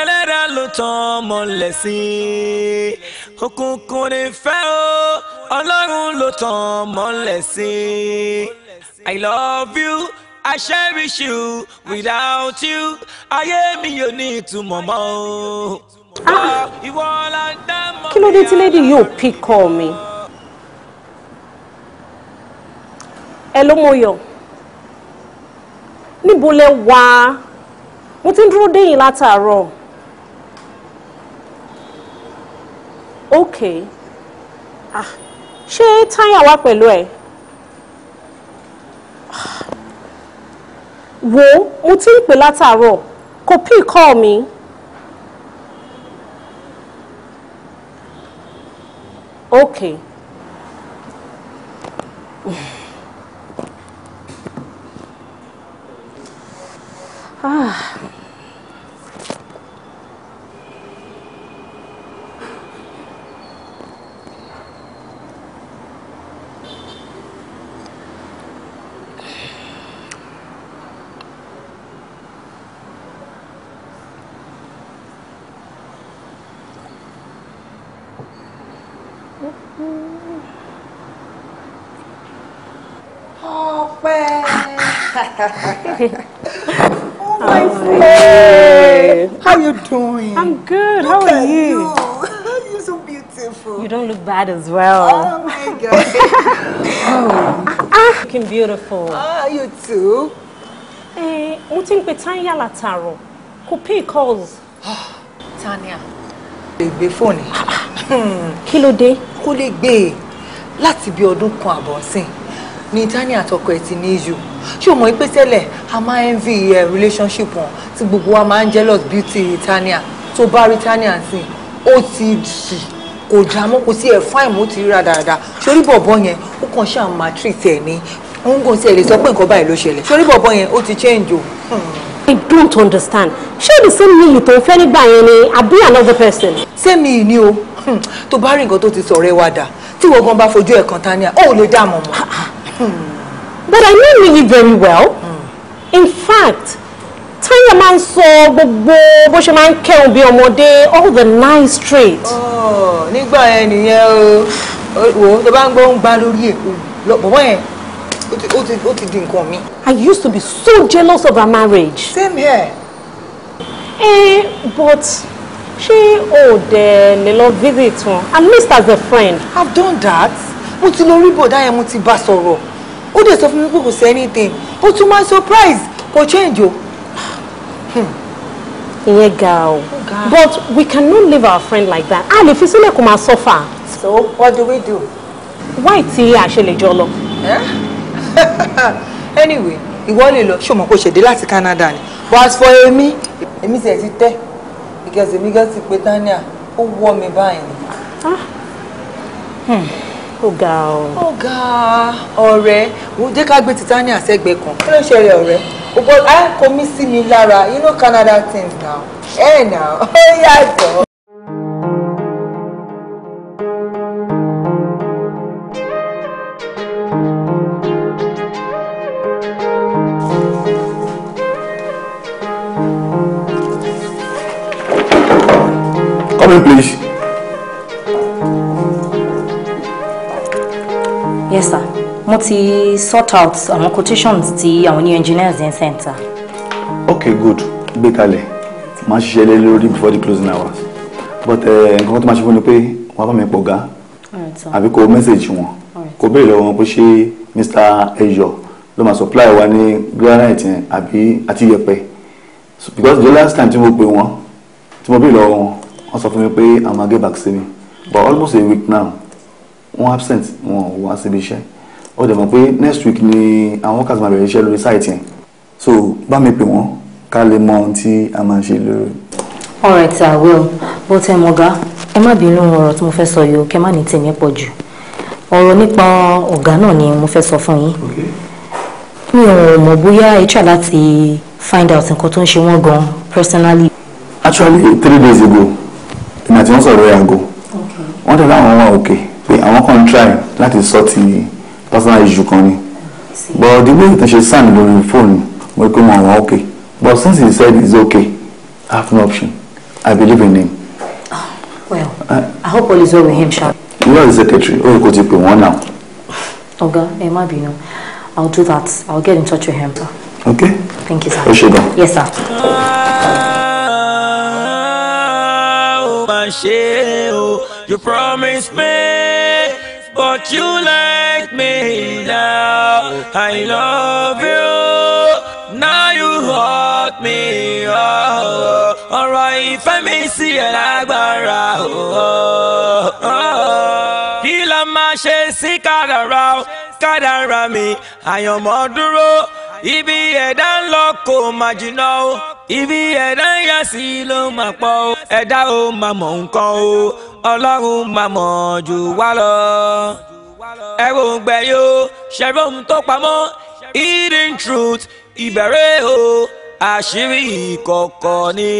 ẹlẹ́dàá ló tan ọmọlẹ̀ sí òkùnkùn ní fẹ́ ó ọlọ́run ló tan ọmọlẹ̀ sí I love you. I cherish you. Without you, ayé mi ò ní ìtumọ̀ mọ́ o. Ah. Kí ló dé tí lady yóò pick call mi? Ẹ ló mo yọ̀. Níbo lẹ wà? Mo ti ń dúró déyìn látàárọ̀. Okay. Ah, ṣé táyà wá pẹ̀lú ẹ? Ah wo mo ti ń pè látàárọ̀ kò pí kọ́ mi. ok. [sighs] ah. oh my oh, hey. How you doing? I'm good. How are you? you? [laughs] You're so beautiful. You don't look bad as well. Oh my god. oh. [laughs] looking beautiful. Ah, you too. Eh, mo ti pe Tanya Lataro. Kò pay calls. [gasps] Tanya. Lè gbé fóònù. Ah, ah, hmm. Kí ló dé? Kò lè gbé e láti kan àbọ̀ ni Tani àtọkọ ẹ̀ ti ní issue ṣé o mọ̀ pé a máa envy eh, relationship wọn tí gbogbo wa máa jealous beauty Tania. To bá Tania, Tani sí ó ti dì kò já mọ́ kò sí ẹ̀ fáìn mọ́ ti ríra dáadáa sórí bọ̀bọ̀ yẹn ó kàn ṣáà máa treat ẹ̀ ní òun kò tiẹ̀ lè sọ pé nǹkan báyìí ló ṣẹlẹ̀ sórí bọ̀bọ̀ yẹn ó ti change o. Hmm. I don't understand. Ṣé the same Niyi tó ń fẹ́ by any. ni be another person? Sẹ́mi me ni o, hmm. tó bá go to tó ti sọ̀rọ̀ ẹ wá dà, tí wọ́n gan bá fojú ẹ̀ kan Tania, ó but I know Lily very well hmm. in fact táyà máa ń sọ gbogbo bó ṣe máa ń kẹun bí ọmọdé all the nice traits. Oh, nígbà yẹn nìyẹn o wò ó tó bá ń gbọ́ ń gbá lórí èkó bọ̀bọ̀ yẹn ó ti di nǹkan mi. I used to be so jealous of our marriage. same here. eh but ṣé o ò dẹ̀ lè lọ visit wọn at least as a friend. I've done that mo ti lọ rí bọ̀dá yẹn mo ti bá sọ̀rọ̀ ó dẹ̀ sọ fún mi pé kò sí anything ó tún máa surprise kò change o. Hmm. ìyẹn ga o but we cannot leave our friend like that a lè fi sílẹ̀ kó máa suffer. so what do we do. why tí a ṣe lè jọ lọ. Eh? [laughs] anyway ìwọ lè lọ ṣọmọ kó ṣèdè láti Canada ni but as for èmi èmi tiẹ̀ ti tẹ́ because èmi gẹ́gẹ́ ti pé Tania ó wọ́ mi báyìí ó ga ọ. ó ga ọ̀rẹ́ wo jẹ́ ká gbé titania sẹ́gbẹ̀ẹ́ kan kí ló ń ṣẹlẹ̀ ọ̀rẹ́ o bọ á kò mí sí mi lára you know Canada things now ẹ hey, now ó yàtọ̀. Come in, please. mo ti sort out àwọn quotations ti àwọn new engineers in center. Okay, good gbé kalẹ̀ máa ṣiṣẹ́ lé lórí before the closing hours but eh, nǹkan tó máa ṣe fún mi pé wọ́n á bá mi pọ̀ ga àbí kò message wọn kò béèrè lọ́wọ́ wọn pé ṣé Mr. Eyo ló máa supply wa ní granite yẹn àbí àti yẹ̀pẹ̀ because the last time tí mo pè wọ́n tí mo béèrè lọ́wọ́ wọn wọ́n sọ fún mi pé i'm gonna sí mi but almost a week now wọ́n absent wọn ò wá síbi iṣẹ́ ó dẹ̀ mọ̀ pé next week ni àwọn workers máa bẹ̀rẹ̀ iṣẹ́ lórí site yẹn so bá mi pè wọ́n ká lè mọ ohun tí a máa ṣe lórí. all right i will bó tẹ mọ ọgá ẹ má bínú ọ̀rọ̀ tí mo fẹ́ sọ yìí o kẹ má ní tèmi pọ̀ jù ọ̀rọ̀ nípa ọ̀gá náà ni mo fẹ́ sọ fún yín mi ò mọ̀ bóyá ẹ try láti find out nǹkan tó ń ṣe wọ́n gan personally. actually three days ago ìgbà tí wọ́n sọ̀rọ̀ ẹ̀ àgọ́ wọ́n tẹ̀lé àwọn ọmọ òkè pé àwọn kan try láti sọ ti. So personal issue kan ni but the way ìtàn ṣe sàn lórí fóònù mo rí pé mo okay but since he said it's okay I have no option I believe in him. Ah, well I hope all is well with him sha. you are the secretary o kò ti pè wọ́n now. ọ̀gá ẹ má bínú I will do that I will get in touch with him. okay thank you sir. o ṣe gan. yes sir. Ah, ṣe o you promise me but you like me now. I love you, now you hurt me. Oh, alright. If I Ọ̀rọ̀ ìfẹ́ mi Oh, ẹ̀ lágbára. Kí la máa ṣe sí kádàrá kádàrá mi? Àyànmọ́ dúró ibi ẹ̀dá ń lọ kò má jìnnà o ibi ẹ̀dá ń yà sí ló máa pọ̀ o ẹ̀dá ó máa mọ̀ nǹkan o ọlọ́run máa mọ̀ jù wá lọ. ẹ̀rọ ògbẹ́ yóò ṣẹ̀rọ ohun tó pamọ́ hidden truth ìbẹ̀rẹ̀ o àṣírí ìkọ̀kọ̀ ni.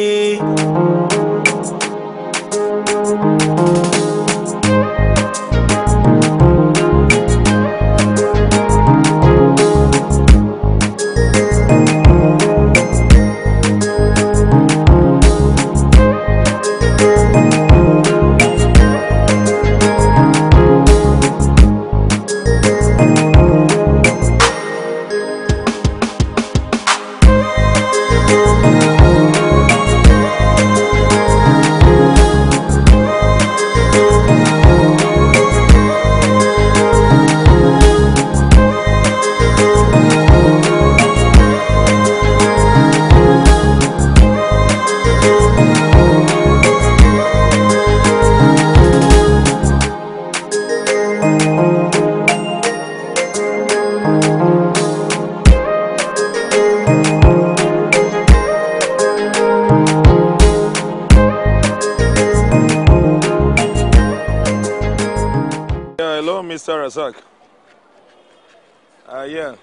Uh, yeah.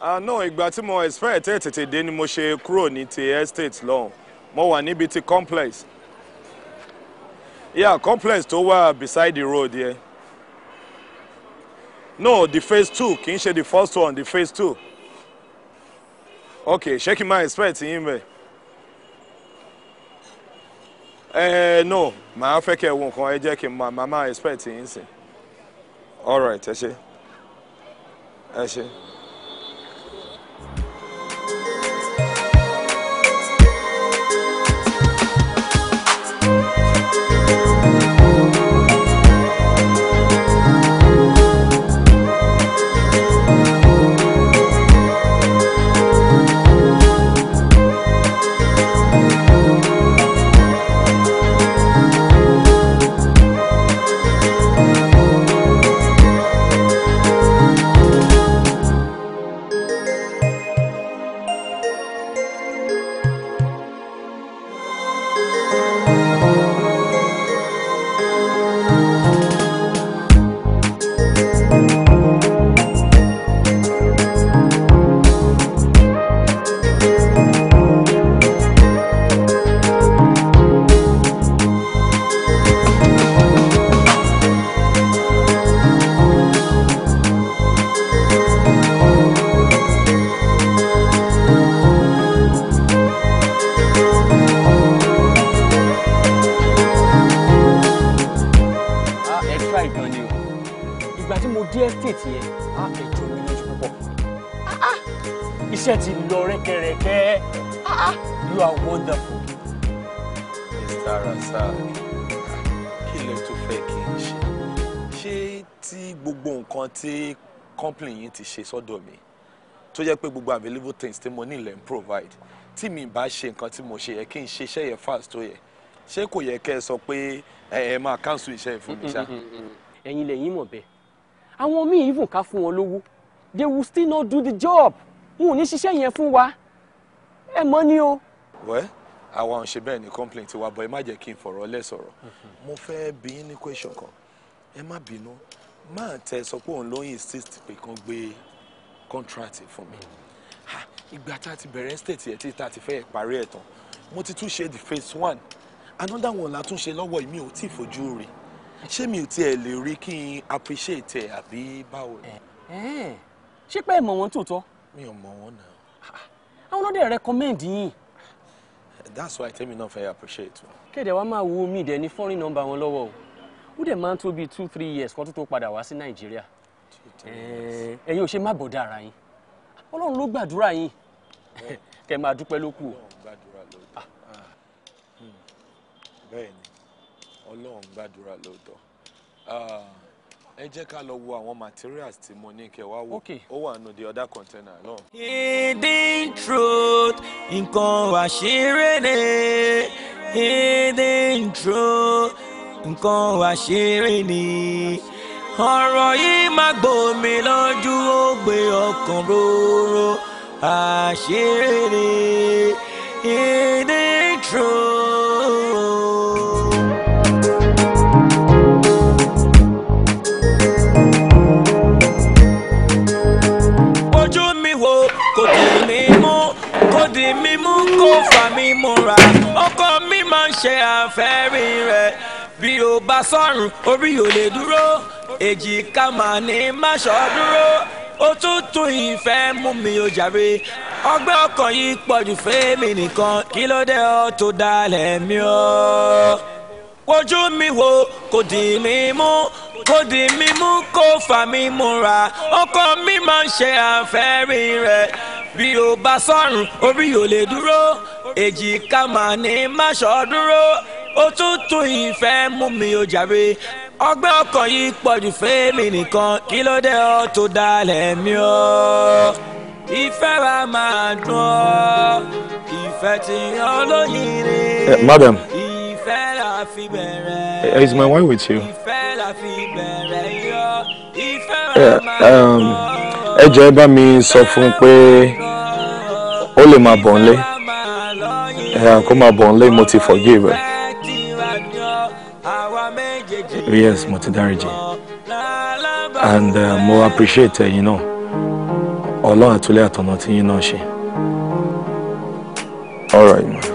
Ah, no ìgbà tí mo expect ẹ tètè dé ni mo ṣe kúrò ní ti estate lọ́hùn mo wà níbi ti complex yeah complex tó wà beside the road yẹn yeah. no the phase two kì í ṣe the first one the phase two okay ṣé kí n máa expect yín bẹ́ẹ̀ ẹ eh, no màá fẹ́ kẹ́ ẹ wo nǹkan ẹ jẹ́ kí n máa máa expect yín sí all right ẹ ṣe. 哎，行。company yín ti ṣe sọ́dọ̀ mi tó jẹ́ pé gbogbo available things tí mo ní ń provide tí mi bá ṣe nǹkan tí mo ṣe yẹ kí n ṣe iṣẹ́ yẹn fast tó yẹ ṣé kò yẹ kẹ́ ẹ sọ pé ẹ máa cancel iṣẹ́ fún mi ṣá. ẹ̀yin lẹ́yìn mọ̀ bẹ́ẹ̀ àwọn míì even ká fún wọn lówó they will still not do the job wọn ò ní ṣiṣẹ́ yẹn fún wa ẹ mọ̀ ni o. wẹ́ẹ́ àwa ò ṣe bẹ́ẹ̀ ní complaint tiwa bọ̀ ẹ má jẹ́ kí n fọ̀rọ̀ lẹ́ mo fẹ́ bi yín ní question kan ẹ má bínú máa tẹ sọ pé òun ló ń insist pé kán gbé contract fún mi ìgbà tá a ti bẹ̀rẹ̀ state ẹ̀ tí tá a ti fẹ́ parí ẹ̀ tán mo ti tún ṣe the phase one another one la tún ṣe lọ́wọ́ mi ò tí ì fojú rí ṣé mi ò tiẹ̀ lè rí kí n appreciate ẹ̀ àbí báwo ni. ṣé pé ẹ mọ̀ wọ́n tòótọ́. mi ò mọ̀ wọ́n náà. àwọn ọlọ́dẹ recommend yín. that's why tèmi náà fẹ́ appreciate. kéde wa máa wo mi ìdẹ ní fọ́nrín nọ́mbà wọn lọ́wọ́ o ó dẹ̀ máa ń tó bíi two three years kó tó tó padà wá sí nàìjíríà ẹ̀yin ò ṣe má bọ̀dá ara yín ọlọ́run ló gbàdúrà yín [laughs] kẹ́ máa dúpẹ́ ló kù o. bẹ́ẹ̀ ni gbàdúrà lóòótọ́ ah. ah, ẹ jẹ́ ká lọ wo àwọn materials tí mo ní kẹ́ wá wò ó wà nù the other container náà. hidden truth nǹkan àṣírí ni hidden truth nǹkan àṣírí ni ọ̀rọ̀ yìí má gbòmí lójú ó gbé ọkàn róró àṣírí ni ìdí true. di mímú kó fà mí múra ọkọ mi máa ń ṣe àfẹ́rí rẹ̀ bí o bá sọ̀rùn orí ò lè dúró èjìká màá ní má ṣọ́ dúró òtútù ìfẹ́ mú mi ò jàre ọgbẹ́ ọkàn yìí pọ̀jù fẹ́mi nìkan kí ló dé ọ tó dalẹ̀ mi ọ́ ojú mi wo kò dì mí mú kò dì mí mú kó fà mí múra ọkọ mi máa ń ṣe àfẹ́rí rẹ̀ bí o bá sọ̀rùn orí ò lè dúró èjìká màá ní má ṣọ́ dúró òtútù ìfẹ́ mú mi ò jàre ọgbẹ́ ọkàn yìí pọ̀jù fẹ́mi nìkan kí ló dé ọ tó dalẹ̀ mi ọ́ ìfẹ́ wa máa dùn ọ́ ìfẹ́ tí yan lóyìn eh, madam ìfẹ́ la fi bẹ̀rẹ̀ eh, is my wife with you ìfẹ́ la fi bẹ̀rẹ̀ yọ ìfẹ́ wa eh, máa dùn um, ọ́ ẹ jọ̀ọ́ ẹ bá mi sọ fún un pé ó lè máa bọ̀ nílé kó máa bọ̀ nílé mo ti forgive ẹ yes mo and uh, mo appreciate ẹ̀yin náà ọlọ́run àtúlẹ̀ àtọ̀nà tí yín náà ṣe. all right ma.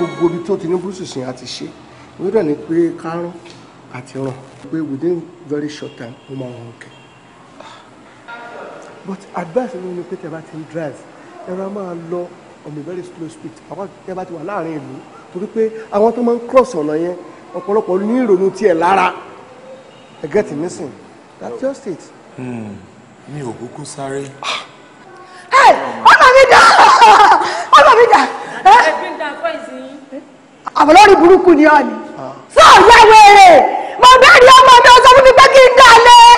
gbogbo ibi tó ti ní brúsùsìn àti ṣe wọ́n ní pé kárán àti ràn pé within very short time ó máa wọn kẹ. but advice mi ni pé tẹ bá ti ń drive ẹ̀rọ máa lọ on a very slow speed àwọn tẹ bá ti wà láàrin ìlú torí pé àwọn tó máa ń cross ọ̀nà yẹn ọ̀pọ̀lọpọ̀ ní ìrònú tiẹ̀ lára I get me sin that's just it. Hmm. mi ò kúkú sáré. ọ̀nà mi dà ọ̀nà mi dà àwọn lórí burúkú ni ọ̀nì sọ ọ̀yá wẹ̀rẹ̀ mo bẹ̀rẹ̀ ọmọ mi ọsọ fún mi pé kí n dalẹ̀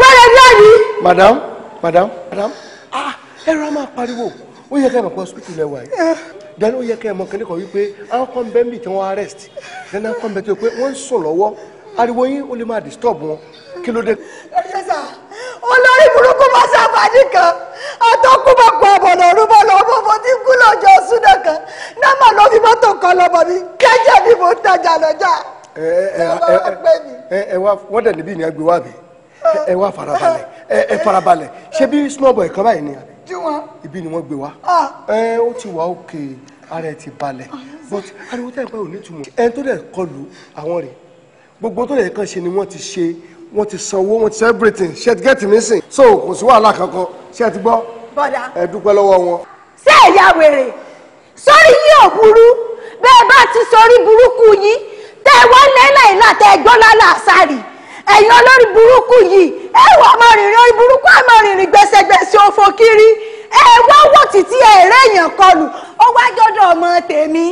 wẹ̀rẹ̀ ní ọ̀nì. madam madam madam Ah, a máa pariwo ó yẹ ká ẹ̀ mọ̀ pé hospital lẹ wà yìí dani eh. ó yẹ ká ẹ̀ mọ̀ kẹ́lẹ́kọ̀ọ́ wípé àwọn kan bẹ́ẹ̀ mi tí wọ́n arrest dani àwọn kan bẹ́ẹ̀ tí wọ́n sùn lọ́wọ́ ariwo yín ó lè máa disturb wọn kí ló dé. ẹ ṣe sà olórí burúkú máa ṣàbàdí kan àtọkùnbà pa àbọ̀nà rúbọ̀ lọ́wọ́ mo ti kú lọ́jọ́ súnà kan nọ́mbà ló fi mọ́tò kan lọ́mọ mi kẹ́jẹ́ ni mo tajà lọ́jà. ẹ ẹ ẹ ẹ wá wọ́n dẹ̀ níbí ni agbè wá bí ẹ wá farabalẹ̀ ẹ farabalẹ̀ ṣé bí small boy kan báyìí ni àbí. tí wọn. ibi ni wọ́n gbé wa. ẹ ó ti wà òkè ara ẹ ti balẹ̀ but ariwo tẹ́ ẹ pẹ́ ò ní ìtumọ̀ ẹ tó dẹ̀ kọlu àwọn rèé gbogbo tó lè kàn ṣe ni wọ́n ti ṣe wọ́n ti sanwó wọ́n ti ṣe everything ṣe ti gẹ́tì mí sìn so kò sí wàhálà kankan ṣe ti gbọ́ ẹ dúpẹ́ lọ́wọ́ wọn. ṣé ẹ̀yà wèrè sórí yín ò burú bẹ́ẹ̀ bá ti sórí burúkú yín tẹ́ ẹ wọ́n lé láìlá tẹ́ ẹ gbọ́ lálẹ́ àṣàrì ẹ̀yin olórí burúkú yìí ẹ wọ ọmọ rìnrìn orí burúkú àmọ́ rìnrìn gbẹsẹgbẹsẹ òfò kiri ẹ wọ́wọ́ títí ẹ̀rẹ́ èèyàn kọlù ó wá jọ́dọ̀ ọmọ tèmi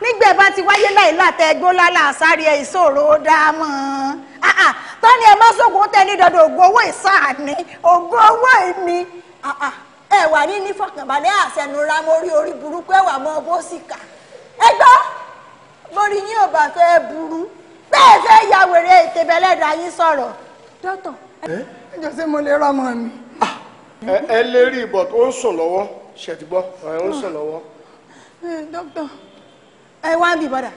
nígbà ẹ bá ti wáyé láì látẹ ẹgbó lálẹ́ àsáré ẹ ìṣòro dáàmú tọ́ni ẹ má sókun tẹ ògùn owó ìsáàní ògùn owó ìní ẹ wà ní nífọ̀kànbalẹ̀ àṣẹnura mórí orí burúkú ẹ wà mọ bó sì ẹ gbọ́ borí yín ò bá fẹ́ burú bẹ́ẹ̀ fẹ́ ya wèrè ètè yín sọ̀rọ̀ dọ́tọ̀. ẹ jọ sí mo lè rọmọ mi. ẹ lè ìbọn tó ń sùn lọ́wọ́ ṣètìgbọ́ ẹ ń sùn lọ́wọ́. dókítà ẹ wá ń bì bọ́dà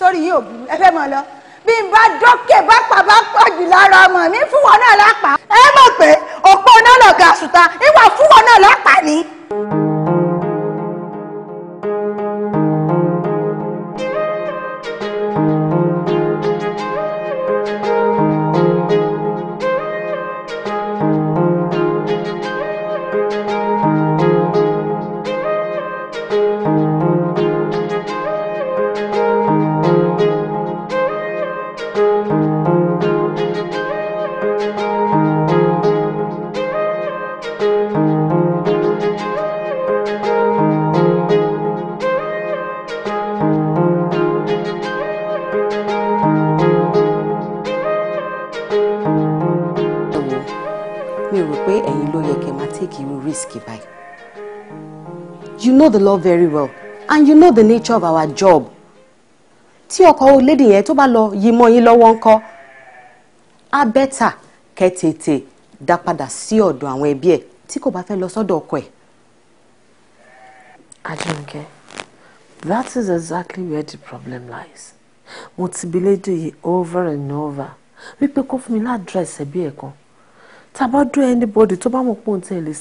sórí yìí ò burú ẹ fẹ́ mọ̀ lọ bí n bá dókè bá pa bá pọ̀ jù lára ọmọ mi fún wọn náà lápá ẹ mọ̀ pé òpó náà lọ̀gá àsùtà ìwà fún wọn náà lápá ni. know the law very well and you know the nature of our job tí ọkọ olédè yẹn tó bá lọ yí mọ́ yín lọ́wọ́ ńkọ́ á bẹ́tà kẹ́ tètè dá padà sí ọ̀dọ̀ àwọn ẹbí ẹ̀ tí kò bá fẹ́ lọ sọ́dọ̀ ọkọ ẹ̀. Ajunke, that is exactly where the problem lies. Mo ti bi lédè yìí over and over wípé kó fún mi ládírẹ́sì ẹbí ẹ̀ kan. Tá a bá dún anybody tó bá mọ̀ pé òun tẹ̀ lè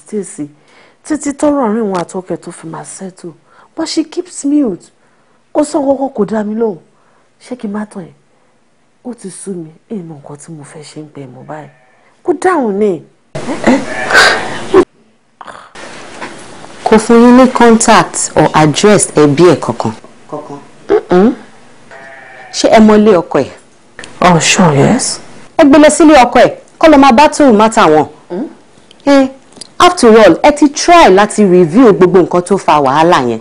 títí tọrọ àárín òun àtọkẹ tó fi máa ṣètò but she keeps mute ó sọ kọ́kọ́ kò dá mi lóhùn ṣé kí n má tàn yín ó ti sú mi èyí mọ nǹkan tí mo fẹ́ ṣe ń pè mọ́ báyìí kó dáhùn ni. kò fún yín ní contact or address ẹbí ẹ kankan. kankan. ṣé ẹ mọlé ọkọ ẹ. oh sure yes. ẹ gbé lọ sílé ọkọ ẹ kó lọ máa bá tóun má wọn. ẹ mm. eh, after all ẹ ti try láti review gbogbo nǹkan tó fa wàhálà yẹn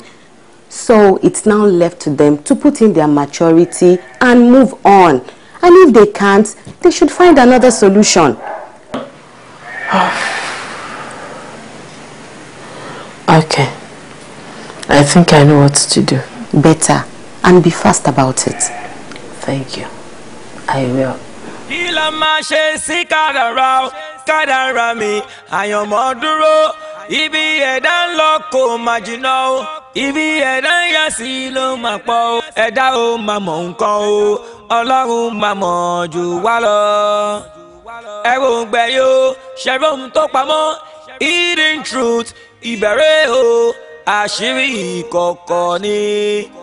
so it's now left to them to put in their maturity and move on and if they can't they should find another solution. [sighs] okay I think I know what to do. better and be fast about it. thank you I will kí la máa ṣe sí kádàrá o kádàrá mi àyànmọ́ dúró ibi ẹ̀dá ń lọ kò má jìnnà o ibi ẹ̀dá ń yà sí ló máa pọ̀ o ẹ̀dá ò máa mọ̀ nǹkan o ọlọ́run máa mọ̀ jù wá lọ. ẹ̀rọ ògbẹ́ yóò ṣẹ̀rọ ohun tó pamọ́ hidden truth ìbẹ̀rẹ̀ o àṣírí ìkọ̀kọ̀ ni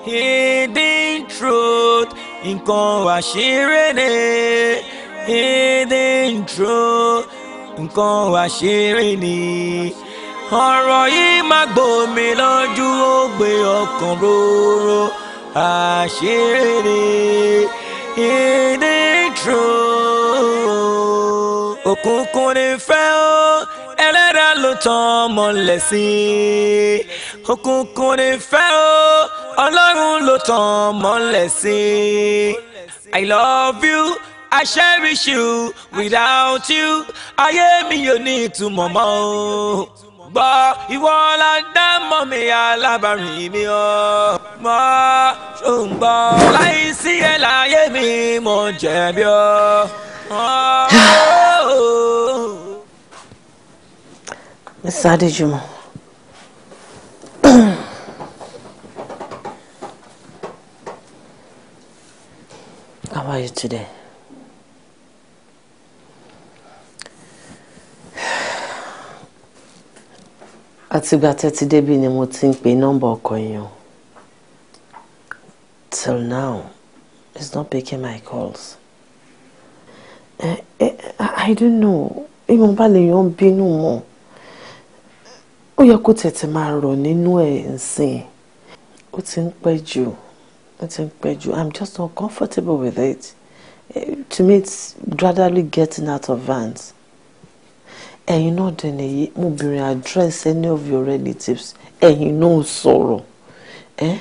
hidden truth nǹkan àṣírí èdè ntro nǹkan àṣírí ni ọ̀rọ̀ yìí máa gbòmí lójú ó gbé ọkàn róró àṣírí èdè ntro òkùnkùn ní fẹ́ ó ẹlẹ́dàá ló tàn mọ́lẹ̀ sí òkùnkùn ní fẹ́ ó ọlọ́run ló tàn mọ́lẹ̀ sí i love you i cherish you without you ayé mi yóò ní ìtumọ̀ mọ́ o gbọ́ ìwọ la dá mọ́ mi alábàárìn mi ọ́ mọ́ ṣó ń gbọ́ láì sí ẹ̀ láyé mi mo jẹ̀bi ọ́. Mr. Adejumo. How are you today? Àtìgbà tẹ́tí débí ni mo ti ń pe nọ́mbà ọkọ yẹn. Till now, it's not picking my calls. Uh, I don't know. Ìwọ̀nba lèèyàn ń bínú mọ́. Ó yẹ kó tètè máa rọ̀ nínú ẹ̀ ǹsìn. Ó ti ń pẹ́ jù i'm just uncomfortable with it to me it's gradually getting out of hand ẹ̀yin náà dẹ̀ nìyí mo bèrè address any of your relatives ẹ̀yin náà sọ̀rọ̀ ẹ́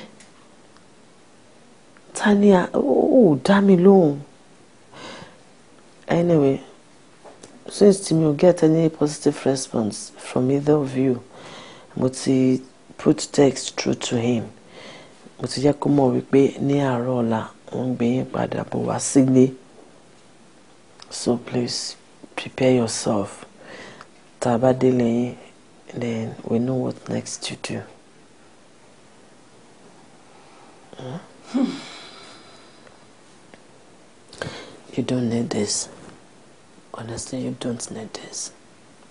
tania ó dá mi lóhùn anyway since tí mi get any positive response from either of you mo ti put text through to him mo ti jẹ́ kó mọ̀ wípé ní àárọ̀ ọ̀la wọ́n ń gbé yín padà bọ̀ wá sílé so please prepare yourself tá a bá délé yín then we know what next to do. Hmm? you don't need this honestly you don't need this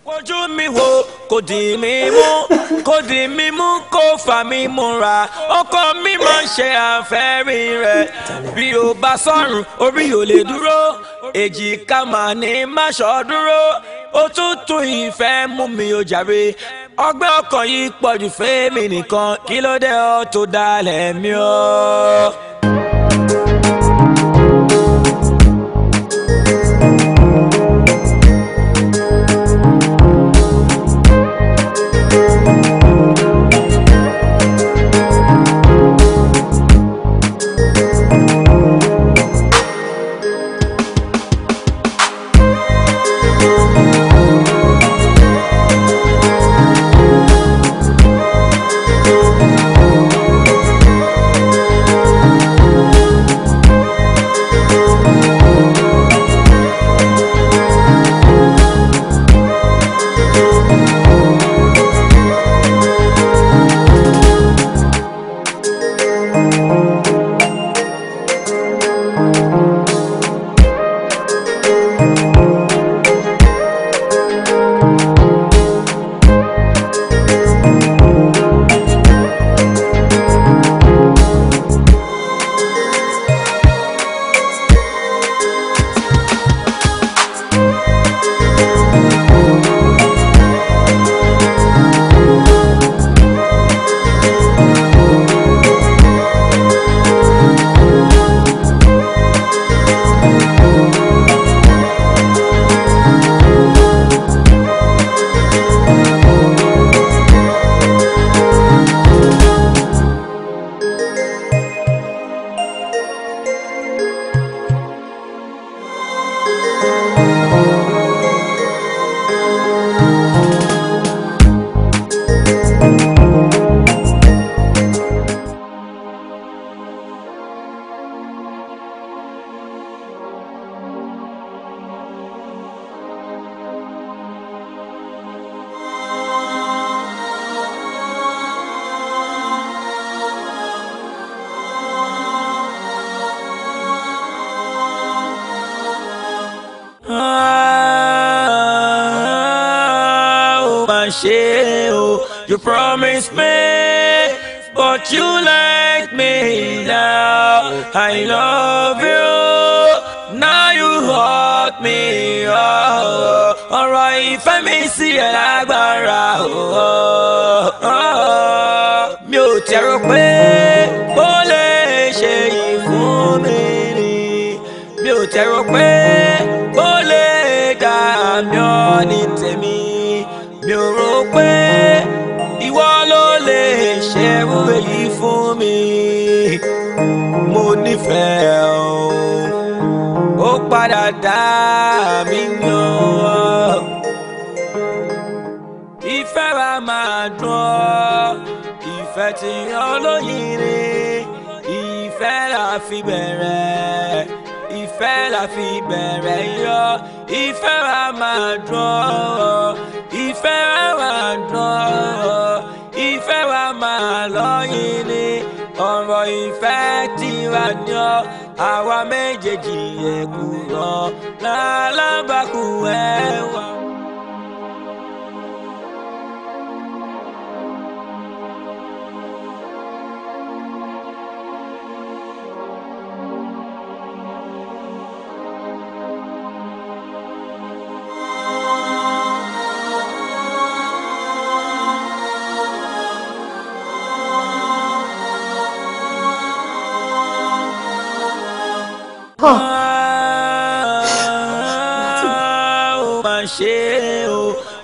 kojú mi wo kò dì mí mú kò dì mí mú kò fà mí múra ọkọ mi máa ń ṣe àfẹ́rí rẹ̀ bí o bá sọ̀rùn orí ò lè dúró èjìká mà ní má ṣọ́ dúró òtútù ìfẹ́ mú mi ò jàre ọgbẹ́ ọkàn yìí pọ̀jù mi nìkan kí ló dé ọ tó dalẹ̀ mi ọ́.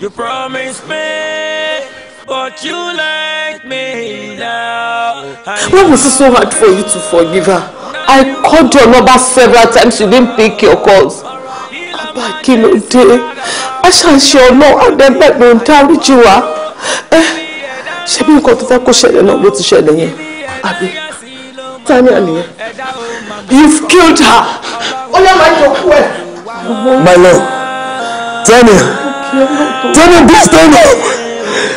You promised me, but you like me now. Why was it so hard for you to forgive her? I called your number several times, you didn't pick your calls. Bàbá kí ló dé? A ṣàṣe ọ̀nà àdẹ́gbẹ̀gbẹ̀ ń dáríjì wá. Ẹ ṣe bí nǹkan tó fẹ́ kó ṣẹlẹ̀ náà ló ti ṣẹlẹ̀ yẹn. Àbí Tania nìyẹn. You've killed her. Ó yẹ máa yọ kú ẹ̀. My love, Tania. Tony, please, Tony.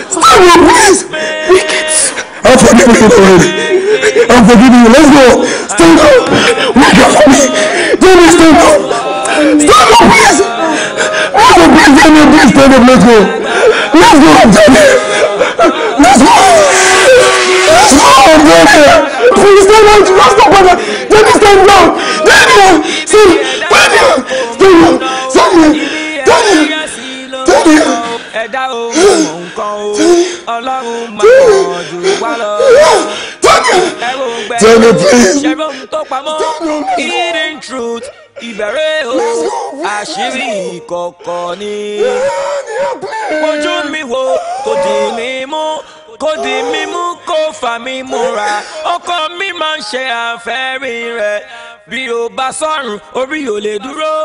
Tony, please. I'm forgiving you already. I'm forgiving you. Let's go. Stand up. Wake up for me. Tony, stand up. Stand up, please. Tony, please, Tony, please, Tony, let's go. Let's go, Tony. Let's go. Let's go, Tony. Please, stand up. Let's go, brother. Tony, stand up. Daniel, see, Daniel, stand up. Daniel, Daniel tẹ́lẹ̀ ẹ̀dá ohun nǹkan o ọlọ́run máa mọ̀ jù wá lọ. ẹ̀rọ gbẹ̀rù ṣẹ̀rọ̀m tó pamọ́ oh, hidden truth ìbẹ̀rẹ̀ o àṣírí ìkọ̀kọ̀ ni. Oh, ojú mi wo kò dì mí mú kò di mímú kó fà mí múra ọkọ mi máa ń ṣe àfẹ́rí rẹ̀ bí o bá sọ̀rùn orí ò lè dúró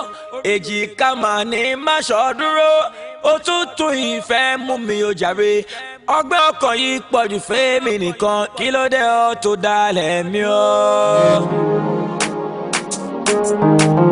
èjìká mà ní má ṣọ́ dúró òtútù ìfẹ́ mú mi ò jàre ọgbẹ́ ọkàn yìí pọ̀jù fẹ́mi nìkan kí ló dé ọ tó dalẹ̀ mi o.